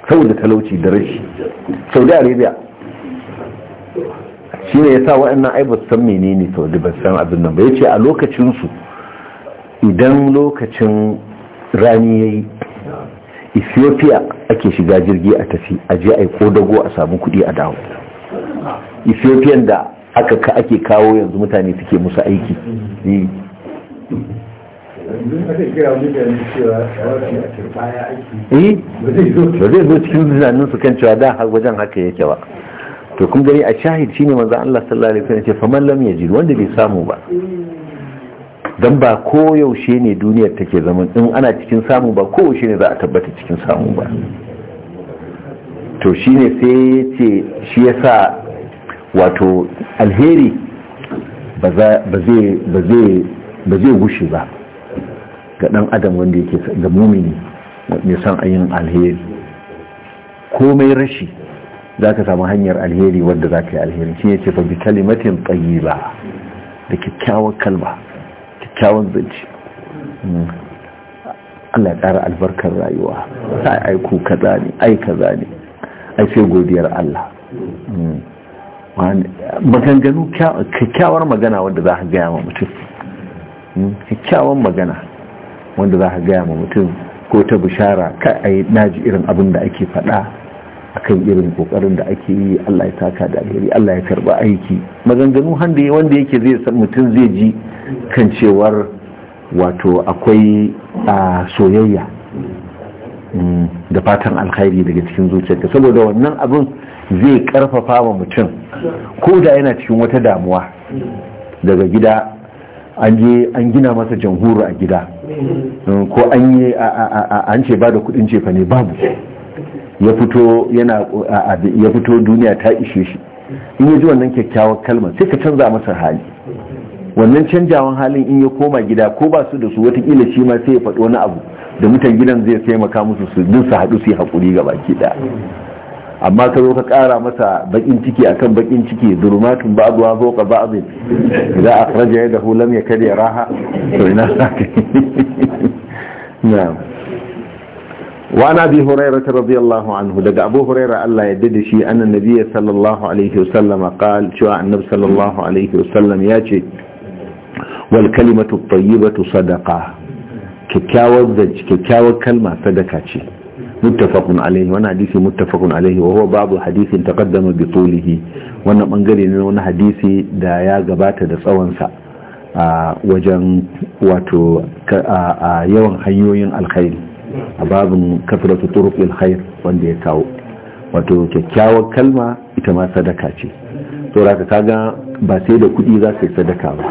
saboda talauci da rashi saudi arabia shi ne ya sa waɗannan ai basu san menene saudi ba san abin nan ba ya ce a lokacinsu idan lokacin rani ya yi ethiopia ake shiga jirgi a tafi ajiye aiko a yi kodago a samu kuɗi a dawo ethiopian da aka ka ake kawo yanzu mutane suke musu aiki eh. eh. ba zai zo cikin zinanin su kan cewa da wajen haka yake ba to kun gani a shahid shine manzo Allah sallallahu alaihi wasallam ce faman lam yajid wanda bai samu ba dan ba ko yaushe ne duniyar take zaman in ana cikin samu ba ko yaushe ne za a tabbata cikin samu ba to shine sai ya ce shi yasa wato alheri ba zai gushe ba ga ɗan adam wanda yake ga mumini mai son ayin alheri komai rashi za ka samu hanyar alheri wadda za ka yi alheri shi yace, ce fa bi kalimatin tsayi ba da kyakkyawar kalma kyakkyawar zance hmm. Allah ya ƙara albarkar rayuwa ai aiku kaza ne ai kaza ne ai sai godiyar Allah hmm. maganganu kyakkyawar magana wanda za ka gaya ma mutum hmm? kyakkyawar magana wanda za ka gaya ma mutum ko ta bishara ka a yi naji irin abin da ake faɗa akan irin kokarin da ake yi Allah ya taka da alheri Allah ya karba aiki maganganu handa wanda yake zai san mutum zai ji kan cewar wato akwai a soyayya hmm? da fatan alkhairi daga cikin zuciyarka saboda wannan abin zai karfafa wa mutum ko da yana cikin wata damuwa daga gida an je an gina masa jamhuru a gida mm, ko an yi an ce ba da kudin cefa ne babu ya fito duniya ta ishe shi in ya ji wannan kyakkyawar kalmar sai ka canza masa hali wannan canjawan halin in ya koma gida ko ba su da su watakila shi ma sai ya faɗi wani abu da mutan gidan zai taimaka musu su haɗu su yi haƙuri ga baki ɗaya amma ka zo ka kara masa bakin ciki akan bakin ciki durumatun ba'du wa zoqa ba'dhin idan akhraja yadahu lam yakad yaraha to ina sake na'am wa ana bi hurairah radiyallahu anhu daga abu hurairah Allah ya dade shi annan nabi sallallahu alaihi wasallam qal cewa annabi sallallahu alaihi wasallam ya ce wal kalimatu tayyibatu sadaqa kyakkyawar kalma sadaka ce muttafaqun alaihi wannan hadisi muttafaqun alaihi wa huwa babu hadisin taqaddama bi tulihi wannan bangare ne wani hadisi da ya gabata da tsawon sa a wajen wato a yawan hanyoyin alkhairi a babin kafiratu turuqil khair wanda ya kawo wato kyakkyawar kalma ita ma sadaka ce to ka kaga ba sai da kuɗi za su yi sadaka ba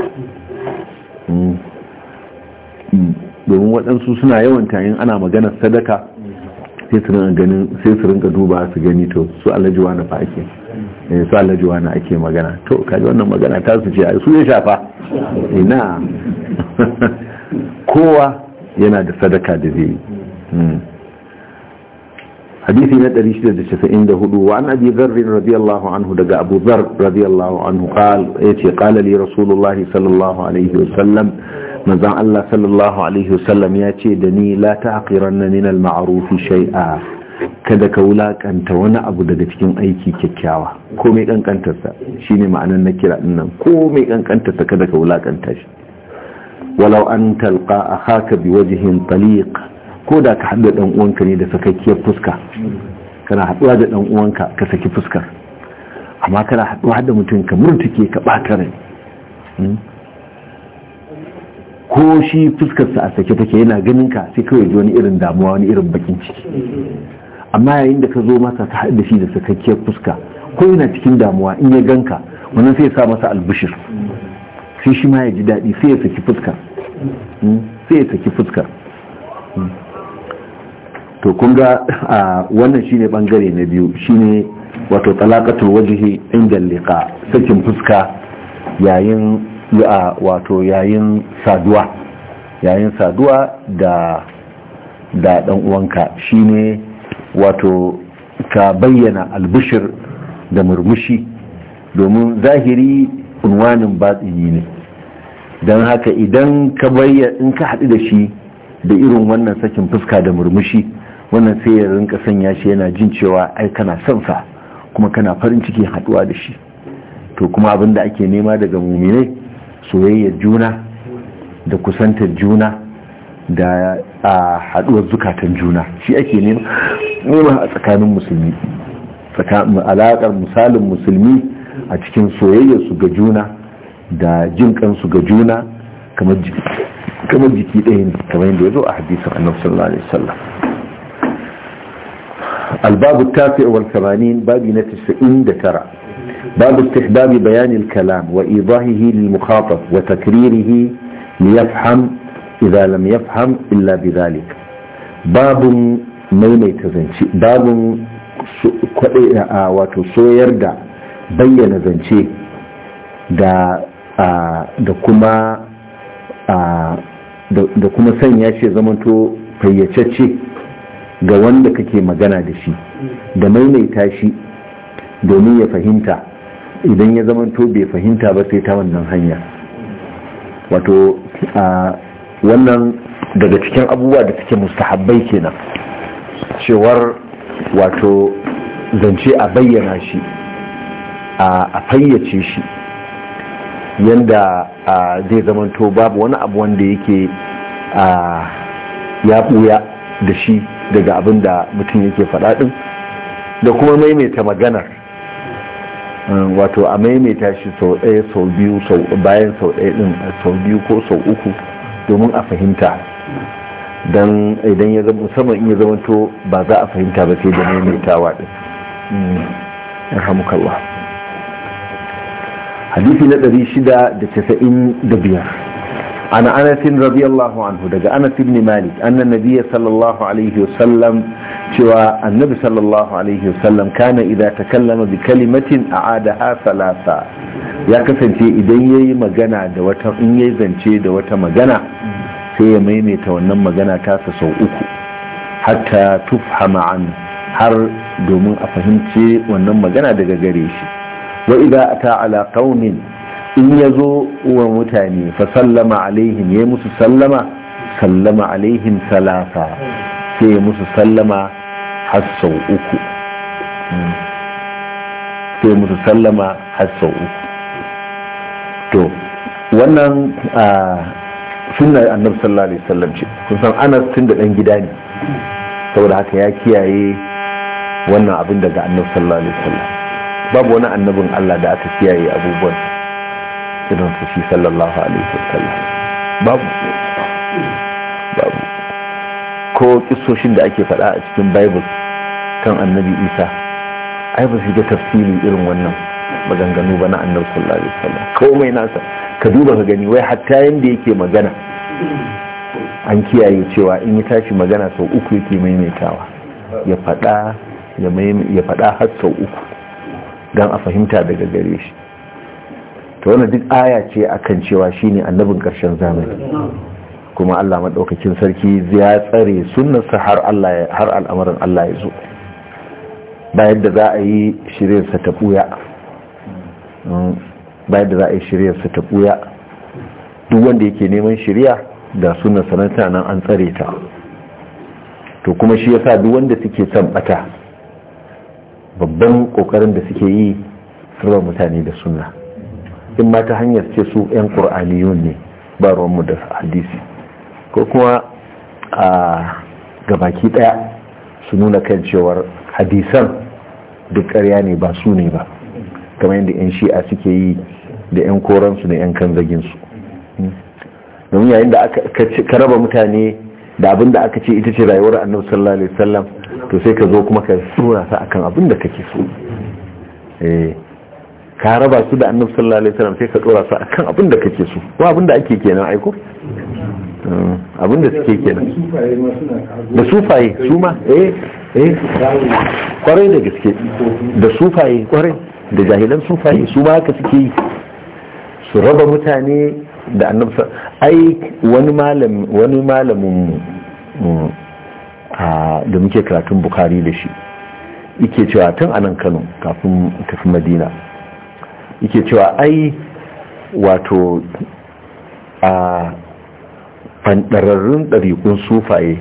hmm. domin waɗansu suna yawan tayin ana maganar sadaka sai su rinka ganin sai su rinka duba su gani to su alajuwa na fa ake eh su alajuwa na ake magana to kaji wannan magana ta su ce su ya shafa ina kowa yana da sadaka da zai hmm. hadisi na 694 wa annabi zarr radiyallahu anhu daga abu zar radiyallahu anhu qal yace qala li rasulullahi sallallahu alaihi wa manzon Allah sallallahu alaihi wasallam ya ce da ni la ta'qiranna min al-ma'ruf shay'a kada ka wulakanta wani abu daga cikin aiki kyakkyawa ko mai kankantarsa shine ma'anar na kira din nan ko mai kankantarsa kada ka wulakanta shi walau an talqa akhaka biwajhin taliq ko da ka haɗa ɗan uwanka ne da sakakkiyar fuska kana haɗuwa da dan uwanka ka saki fuskar amma kana haɗuwa da mutum ka murtuke ka bata rai hmm? ko shi fuskarsa a sake take yana ganin ka sai kawai ji wani irin damuwa wani irin bakin ciki amma yayin da ka zo masa ka haɗa shi da sakakkiyar fuska ko yana cikin damuwa in ya ganka wannan sai ya sa masa albishir sai shi ma ya ji daɗi sai ya saki fuska hmm? sai ya saki fuska hmm? to kun ga wannan shine bangare na biyu shine wato talaqatul wajhi inda liqa sakin fuska yayin ya wato yayin saduwa yayin saduwa da da dan uwanka shine wato ka bayyana albishir da murmushi domin zahiri unwanin batsini ne don haka idan ka bayyana in ka haɗu da shi da irin wannan sakin fuska da murmushi wannan sai ya rinka sanya shi yana jin cewa ai kana son sa kuma kana farin ciki haɗuwa da shi to kuma abinda ake nema daga muminai soyayyar juna da kusantar juna da a haduwar zukatan juna shi ake nema a tsakanin musulmi alaƙar misalin musulmi a cikin soyayyar su ga juna da jin kansu ga juna kamar jiki ɗaya ne kamar yadda ya zo a hadisin annabi sallallahu alaihi wasallam albabu tafi wal 80 babi na باب استحباب بيان الكلام وإيضاحه للمخاطب وتكريره ليفهم إذا لم يفهم إلا بذلك باب maimaita zance babin kwaɗe a wato soyar da bayyana zance da da kuma da ya sanya shi zamanto fayyacacce ga wanda kake magana da shi da maimaita shi domin ya fahimta idan ya zama to bai fahimta ba sai ta wannan hanya wato a wannan daga cikin abubuwa da suke mustahabbai kenan cewar wato zance a bayyana shi a fayyace shi yadda zai zamanto babu wani abu wanda yake ya buya da shi daga abin da mutum yake faɗaɗin da kuma maimaita maganar Mm, wato a maimaita shi sau ɗaya sau biyu bayan sau ɗaya ɗin sau biyu ko sau uku domin a fahimta don idan ya zama musamman in ya zama to ba za a fahimta ba sai da maimaitawa ɗin mm, ya hamukalwa hadisi na 695 عن أنس رضي الله عنه دقى أنس بن مالك أن النبي صلى الله عليه وسلم شوى النبي صلى الله عليه وسلم كان إذا تكلم بكلمة أعادها ثلاثة يا كسن شيء إذن يي مغانا دوتا إن يي يزن شيء دوتا مغانا في ميمي تونم مغانا تاسا سو حتى تفهم عن هر دوم أفهم شيء ونم magana daga gare وإذا أتى على قوم in ya zo wa mutane fa sallama alaihim ya musu sallama sallama alaihim salasa sai ya musu sallama Hassau uku hmm. sai musu sallama Hassau uku to wannan sunna annabi sallallahu alaihi Sallam ce kun san anas tun da dan gida ne saboda haka ya kiyaye wannan abin daga annabi sallallahu alaihi babu wani annabin Allah da aka kiyaye abubuwan irin su shi sallallahu alaihi wasallam babu babu ko kisoshin da ake faɗa a cikin bible kan annabi isa ai ba su ga tafsiri irin wannan maganganu ba na annabi sallallahu alaihi wasallam komai nasa ka duba ka gani wai hatta yanda yake magana an kiyaye cewa in ya tashi magana sau uku yake maimaitawa ya faɗa ya faɗa har sau uku don a fahimta daga gare shi ta wani duk aya ce akan cewa shine annabin ƙarshen zamani kuma Allah maɗaukakin sarki ya tsare sunansa har al'amarin Allah ya zo bayan da za a yi shiryarsa ta ɓuya, hmm, bayan da za a yi shiryarsa ta ɓuya duk wanda yake neman shirya da sunansa sanata nan an tsare ta to kuma shi ya sa duk wanda suke son bata babban kokarin da suke yi sirba mutane da sunna in ma ta hanyar ce su 'yan ƙur'aniyun ne ba ruwanmu da hadisi ko kuma a gabaki ɗaya su nuna kan cewar hadisan duk ƙarya ne ba su ne ba kama yadda 'yan shi'a suke yi da 'yan koransu da 'yan kanzaginsu domin yayin da aka raba mutane da abin da aka ce ita ce rayuwar annabi sallallahu alaihi wasallam to sai ka zo kuma ka tsura ta akan abin da kake so eh ka raba su da annabi sallallahu alaihi wasallam sai ka dora su akan abin da kake so ko abin da ake kenan aiko hmm, abin da suke kenan da sufaye su ma eh eh kwarai da gaske da sufaye kwarai da jahilan sufaye su ma haka suke yi su raba mutane da annabi ai wani malam wani malamin mu da muke karatun bukari da shi yake cewa tun anan Kano kafin tafi Madina yake cewa ai wato a fanɗararrun ɗariƙun sufaye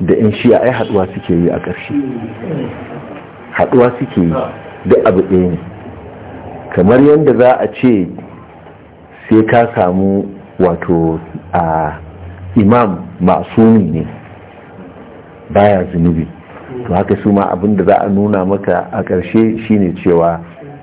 da 'yan shi'a ai haɗuwa suke yi a ƙarshe haɗuwa suke yi duk abu ɗaya ne kamar yadda za a ce sai ka samu wato a imam masumi ne baya zunubi to haka su ma abinda za a nuna maka a ƙarshe shine cewa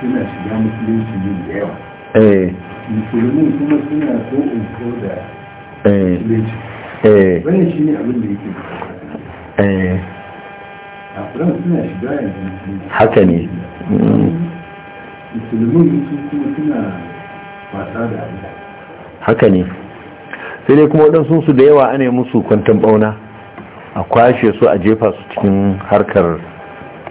suna shiga musulunci ne da yawa eh. kuma suna so in so da eh. musulunci eh. wannan shi ne abin da yake a suna shiga yanzu haka ne mm. kuma suna da abin haka ne sai dai kuma waɗansu su da yawa ana musu kwantan ɓauna a kwashe su a jefa su cikin harkar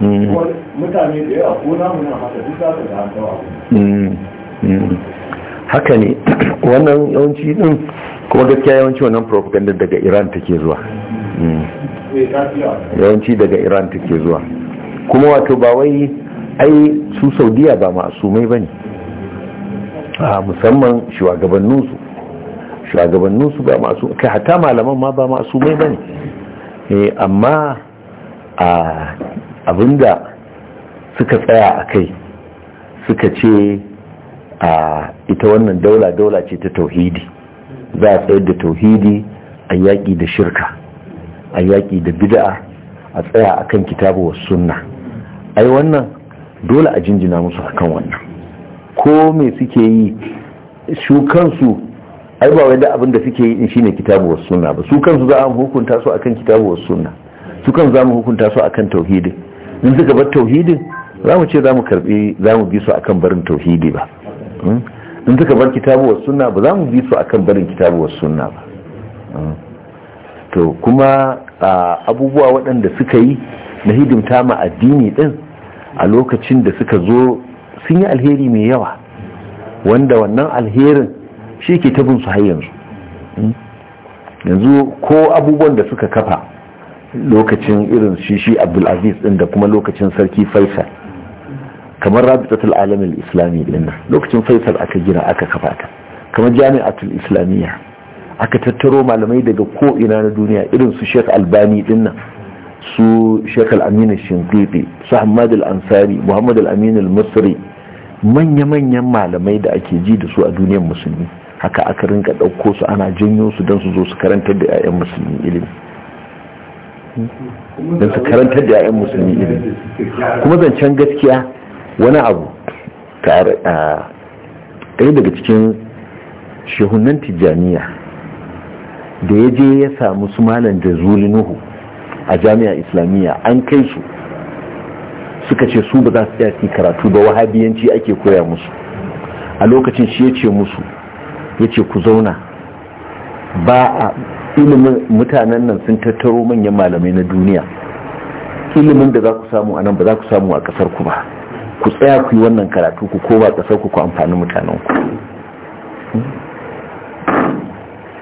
Mm. mutane da yawa ko namu na haka duk za su ga hantawa mm. mm. haka ne wannan yawanci din kuma gaskiya yawanci wannan propaganda daga iran take zuwa eh, yawanci daga iran take zuwa kuma wato ba wai ai su saudiya ba mai ba ne a musamman shugabanninsu shugabanninsu ba masu kai hata malaman ma ba mai ba ne eh, amma a abinda suka tsaya a kai suka ce a ita wannan daula daula ce ta tauhidi za a tsayar da tauhidi a yaƙi da shirka a yaƙi da bid'a a tsaya a kan kitabu wa sunna ai wannan dole a jinjina musu a kan wannan ko me suke yi su kansu ai ba wanda abin da suke yi in shine kitabu wa sunna ba su kansu za a hukunta su a kan kitabu wa sunna su kan za mu hukunta su a kan tauhidin in suka bar tauhidin za mu ce za mu karbi za mu bi su akan barin tauhidi ba hmm? in suka bar kitabu wa sunna ba za mu bi su akan barin kitabu wa sunna ba hmm? to kuma abubuwa waɗanda suka yi na hidimta ma addini ɗin a lokacin da suka zo sun yi alheri mai yawa wanda wannan alherin shi ke tabin su har yanzu hmm? yanzu ko abubuwan da suka kafa lokacin irin shi shi abdulaziz din da kuma lokacin sarki faisal kamar rabitatul alamin islami din lokacin faisal aka gina aka kafa ta kamar jami'atul islamiyya aka tattaro malamai daga ko ina na duniya irin su sheikh albani din nan su sheikh al-amin shinqiti su al-ansari muhammad al-amin al-misri manya-manyan malamai da ake ji da su a duniyar musulmi haka aka rinka ɗauko su ana janyo su don su zo su karantar da 'ya'yan musulmi ilimi don su karantar da 'ya'yan musulmi ilimi kuma zancen gaskiya wani abu ɗaya daga cikin shehunan tijjaniya da ya je ya samu su malam da zuli nuhu a jami'a islamiyya an kai su suka ce su ba za su yasi karatu ba wahabiyanci ake koya musu a lokacin shi ya ce musu ya ce ku zauna ba a ilimin mutanen nan sun tattaro manyan malamai na duniya ilimin da za ku samu a nan ba za ku samu a kasar ku ba ku tsaya ku yi wannan karatu ku ba kasar ku ku amfani mutanen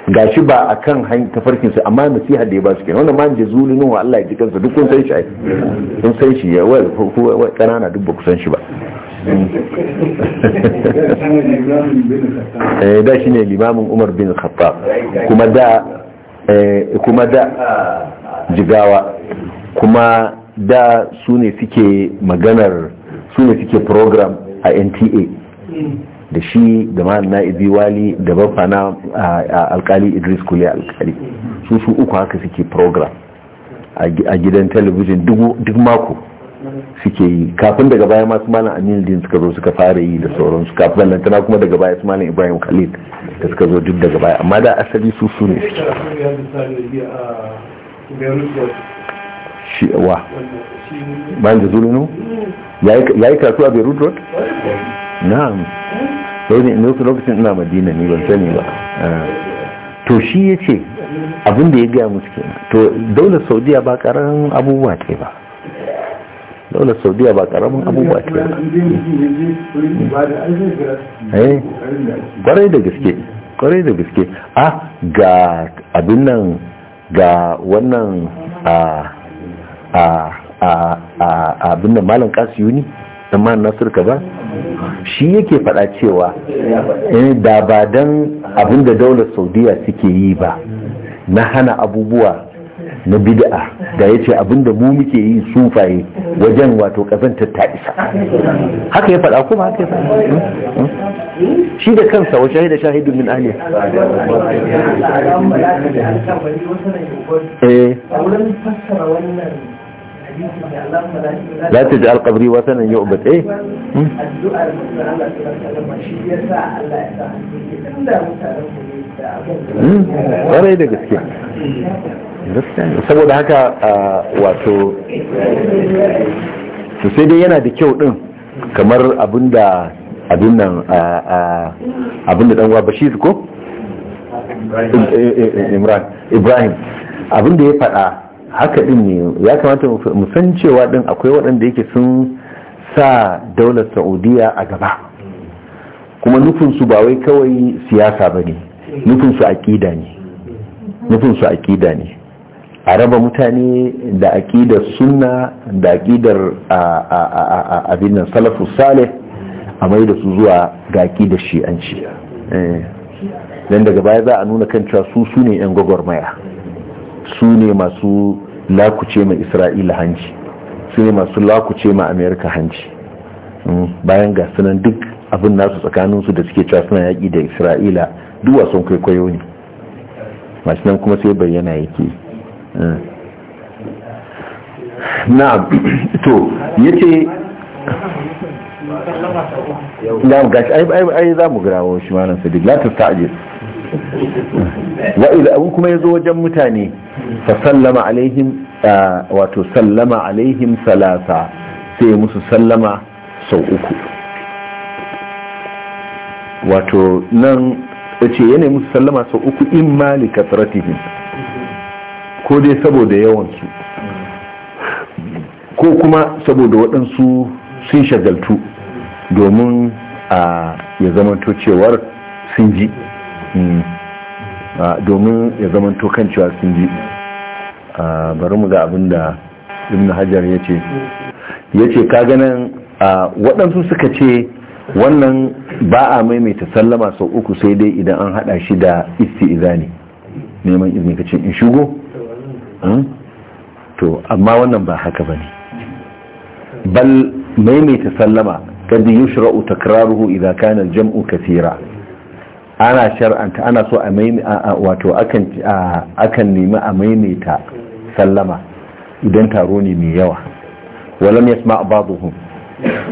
ku gashi ba a kan tafarkin su amma nasiha da ya ba su kenan wannan ma je zuli nuwa Allah ya ji kansa duk kun san shi ai kun san shi ya wai kanana duk ba ku san shi ba Eh, da shi ne limamin umar bin khattab kuma da eh, kuma da jigawa kuma da su ne suke maganar su ne suke program a nta da shi da ma'an na'ibi wali da bafana a alkali idris kule alkali su su uku haka suke program a gidan talabijin duk mako suke yi kafin daga baya masu malam aminu din suka zo suka fara yi da sauransu kafin da lantana kuma daga baya su malam ibrahim khalid da suka zo duk daga baya amma da asali su su ne suke wa bayan da zulunu ya yi kasuwa a beirut road na'am lokacin ina madina ne ban sani ba ah. to shi ya ce abinda ya gaya musu kenan to daular saudiya ba karan abubuwa ke ba daular saudiya ba karamin abubuwa ce kwarai eh, da gaske kwarai da gaske a ah, ga abin nan ga wannan abin nan malam kasu yuni amma nasir ka ba shi yake faɗa cewa eh, da ba don abin da daular saudiya suke yi ba na hana abubuwa na bid'a da ya ce abinda mu muke yi sufaye wajen wato kazantar ta isa haka ya faɗa kuma haka ya faɗa shi da kansa wa shahida shahidu min ahli eh ta تجعل قبري وثنا يعبد ايه ƙwarai da gaske saboda haka wato to sai dai yana da kyau din kamar abinda abin nan abinda dan bashir ko eh, eh, eh, ibrahim abinda ya faɗa haka din ne ya kamata musan cewa din akwai waɗanda yake sun sa daular saudiya a gaba kuma nufinsu ba wai kawai siyasa ba ne nufinsu aƙida ne nufinsu aƙida ne a raba mutane da aƙidar sunna da aƙidar abin nan salafu salih a mai da su zuwa ga aƙidar shi'anci eh. don daga baya za a nuna kan cewa su su ne 'yan gwagwarmaya su ne masu lakuce ma isra'ila hanci su ne masu lakuce ma amerika hanci hmm. bayan ga sunan duk abin nasu tsakaninsu da suke cewa suna yaƙi da isra'ila duk wasan kwaikwayo ne masu nan kuma sai bayyana yake Na to yace na'am gashi ai ai za mu girawo shi malam sadiq la tasta'jil wa idza an kuma yazo wajen mutane fa sallama alaihim wato sallama alaihim salasa sai musu sallama sau uku wato nan ce yana musu sallama sau uku in malika tsaratihim ko dai saboda yawansu ko kuma saboda waɗansu sun shagaltu domin a ya zamanto cewar sun ji mm, domin ya zamanto kan cewa sun ji bari mu ga abin da ibn hajar ya ce ya ce a waɗansu suka ce wannan ba a maimaita sallama sau uku sai dai idan an haɗa shi da isti izani neman izini ka ce in shigo Hmm? to amma wannan ba haka ba ne bal maimaita sallama kada yushra'u takraruhu idza kana al-jam'u kathira ana shar'anta ana so a wato akan akan nemi a maimaita sallama idan taro ne mai yawa walam yasma' ba'dhum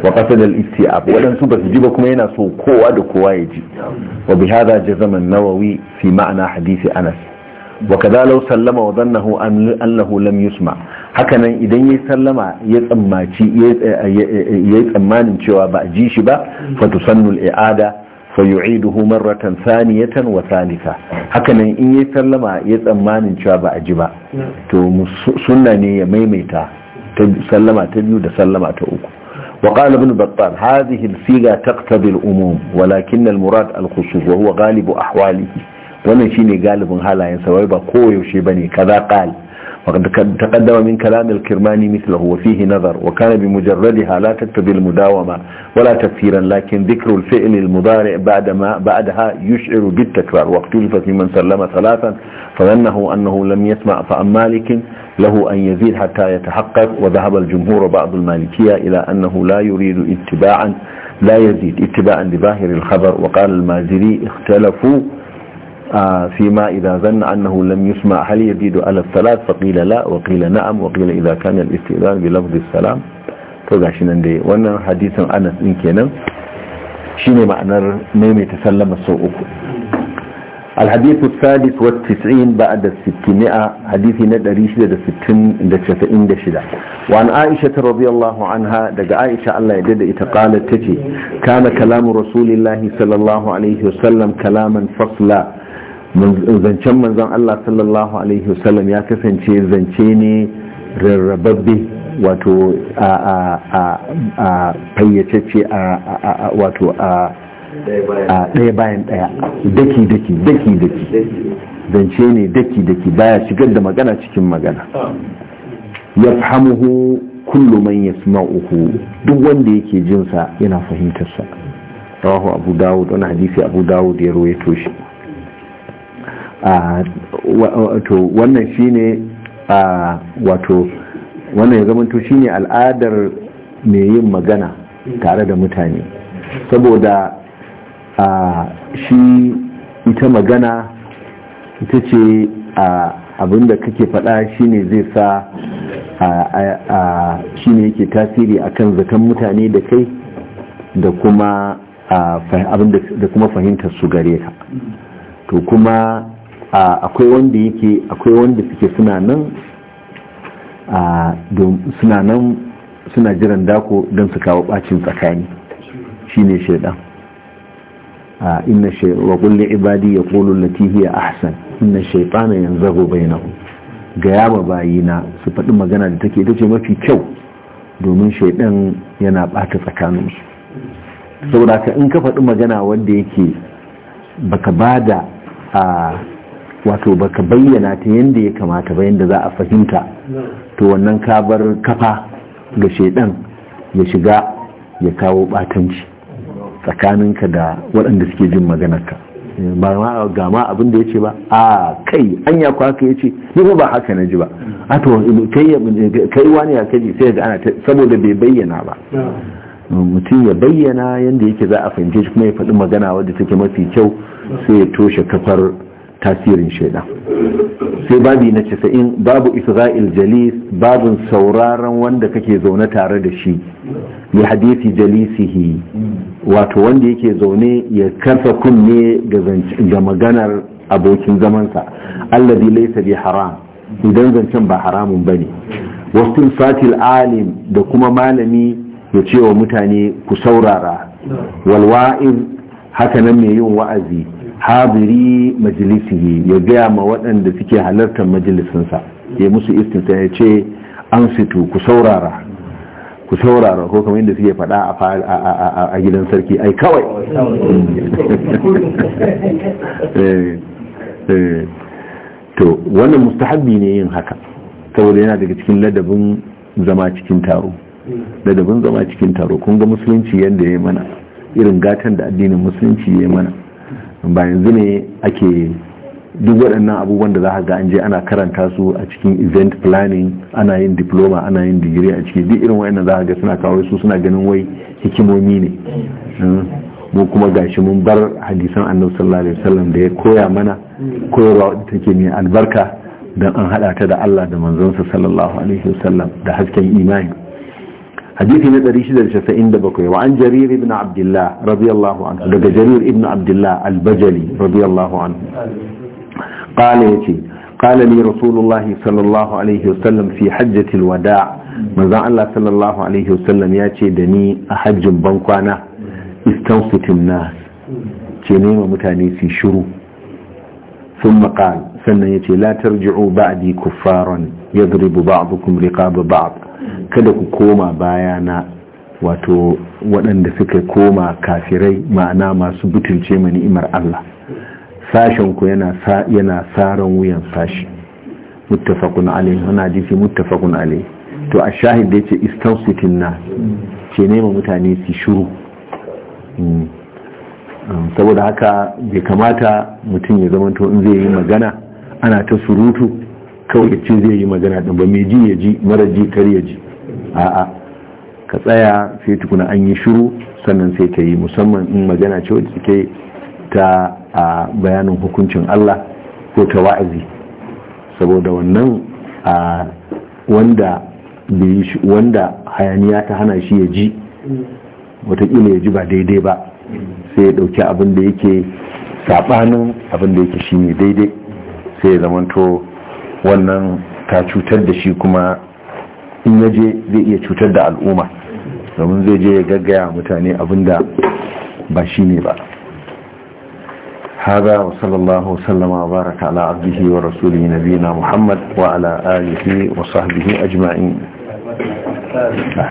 wa qasada al-istiab Waɗansu ba su ji ba kuma yana so kowa da kowa ya ji wa bi hadha jazama an-nawawi fi ma'ana hadisi anas wa kada lau sallama wa dhannahu annahu lam yusma hakanan idan yayi sallama ya tsammaci yayi tsammanin cewa ba a ji shi ba fa tusannu al-i'ada fa yu'iduhu marratan thaniyatan wa thalitha hakanan in yayi sallama ya tsammanin cewa ba a ji ba to sunna ne ya maimaita ta sallama ta biyu da sallama ta uku وقال ابن بطال هذه الصيغة تقتضي الأموم ولكن المراد الخصوص وهو غالب أحواله wannan shine galibin halayen sa wai ba koyaushe bane kaza qal وقد تقدم من كلام الكرماني مثله وفيه نظر وكان بمجردها لا تكتب المداومة ولا تفسيرا لكن ذكر الفعل المضارع بعدما بعدها يشعر بالتكرار واختلف في من سلم ثلاثا فظنه أنه لم يسمع فأم مالك له أن يزيد حتى يتحقق وذهب الجمهور بعض المالكية إلى أنه لا يريد اتباعا لا يزيد اتباعا لظاهر الخبر وقال المازري اختلفوا فيما إذا ظن أنه لم يسمع هل يزيد على الصلاة فقيل لا وقيل نعم وقيل إذا كان الاستئذان بلفظ السلام فغاشي nan dai wannan hadisin Anas din kenan shine ma'anar maimaita sallama sau الحديث الثالث والتسعين بعد الستمائة حديث ندري شدة الستين دشتين دشدة وعن عائشة رضي الله عنها دق عائشة الله يدد إتقالت التجي كان كلام رسول الله صلى الله عليه وسلم كلاما فصلا zancen manzon Allah sallallahu alaihi wasallam ya kasance zance ne rarrababbe wato a fayyacece wato a ɗaya bayan ɗaya daki daki daki daki zance ne daki daki baya shigar da magana cikin magana ya fahimuhu kullu man uku duk wanda yake jinsa yana fahimtarsa rahu abu dawud wani hadisi abu dawud ya roye shi wato wannan shine wato wannan ya shi ne al'adar mai yin magana tare da mutane saboda shi ita magana ita ce abinda kake faɗa ne zai sa ne yake tasiri akan zaton mutane da kai da kuma da kuma fahimtar su gare ka to kuma akwai wanda yake akwai wanda suke suna nan suna nan suna jiran dako don su kawo bacin tsakani shine shaidan inna wa kulli ibadi yaqulu allati hiya ahsan inna shaytana yanzaghu bainahu ga yaba bayina su faɗi magana da take ita ce mafi kyau domin shaidan yana ɓata su saboda ka in ka faɗi magana wanda yake baka ba da wato baka bayyana ta yadda ya kamata ba yadda za a fahimta to wannan ka bar kafa ga shaidan ya shiga ya kawo batanci tsakaninka da waɗanda suke jin maganarka ba ma ga ma abin da ya ce ba a kai anya ko haka ya ce ni ba haka na ji ba a to kai wani ya kaji sai ga ana saboda bai bayyana ba mutum ya bayyana yadda yake za a fahimce shi kuma ya faɗi magana wadda take mafi kyau sai ya toshe kafar tasirin shaidan sai babi na casa'in babu isra'il jalis babin sauraron wanda kake zaune tare da shi ya hadisi jalisihi wato wanda yake zaune ya karfa kunne ga maganar abokin zamansa allazi laysa bi haram idan zancen ba haramun ba ne, wasu fatil alim da kuma malami ya ce wa mutane ku saurara walwa'in haka nan mai yin wa'azi hadiri majalisihi ya gaya ma waɗanda suke halartar majalisinsa ya musu istinsa ya ce an fito ku saurara ku saurara ko kamar yadda suke faɗa a gidan sarki ai kawai eh, eh, to wannan mustahabbi ne yin haka saboda yana daga cikin ladabin zama cikin taro ladabin zama cikin taro kun ga musulunci yadda ya mana irin gatan da addinin musulunci ya mana ba yanzu ne ake duk waɗannan abubuwan da za a ga an je ana karanta su a cikin event planning ana yin diploma ana yin digiri a ciki duk irin waɗannan za a ga suna kawo su suna ganin wai hikimomi ne hmm? mu kuma gashi mun bar hadisan annabi sallallahu alaihi wasallam da ya koya mana koyarwa da take mai albarka don an haɗa ta da Allah da manzonsa sallallahu alaihi wasallam da hasken imani hadisi na 697 wa an jarir ibn abdullah radiyallahu anhu daga jarir abdullah al-bajali radiyallahu anhu qala yace qala li rasulullah sallallahu alaihi fi hajjati al-wada manzon Allah sallallahu alaihi wasallam yace da ni a hajjin bankwana istansitin nas ce nema mutane su shiru sun maƙal sannan ya ce latar ji'o ba'adi kuffaron yadribu ba'dukum ba ba'd kada ku koma baya na wato waɗanda suka koma kafirai ma'ana masu butulce mani ni'imar Allah sashen ku yana sa yana saran wuyan sashi muttafaqun alayhi wana jisi muttafaqun alayhi to a shahid da yace istawsitin na ce ne mutane su shiru saboda haka bai kamata mutum ya zamanto in zai yi magana ana ta surutu kawai ya ce zai yi magana din ba mai ji ya ji mara ji kar ya ji a'a ka tsaya sai tukuna an yi shiru sannan sai ka yi musamman in magana ce wadda take ta a bayanin hukuncin Allah ko ta wa'azi saboda wannan a wanda wanda hayaniya ta hana shi ya ji watakila ya ji ba daidai ba sai ya dauki abin da yake sabanin abin da yake ne daidai sai ya zamanto wannan ta cutar da shi kuma in yaje zai iya cutar da al'umma domin zai je ya gaggaya mutane abinda ba shi ne ba haga wa sallallahu sallama wa baraka ala abdihi wa rasulihi nabiyina muhammad wa ala wasu wa a ajma'in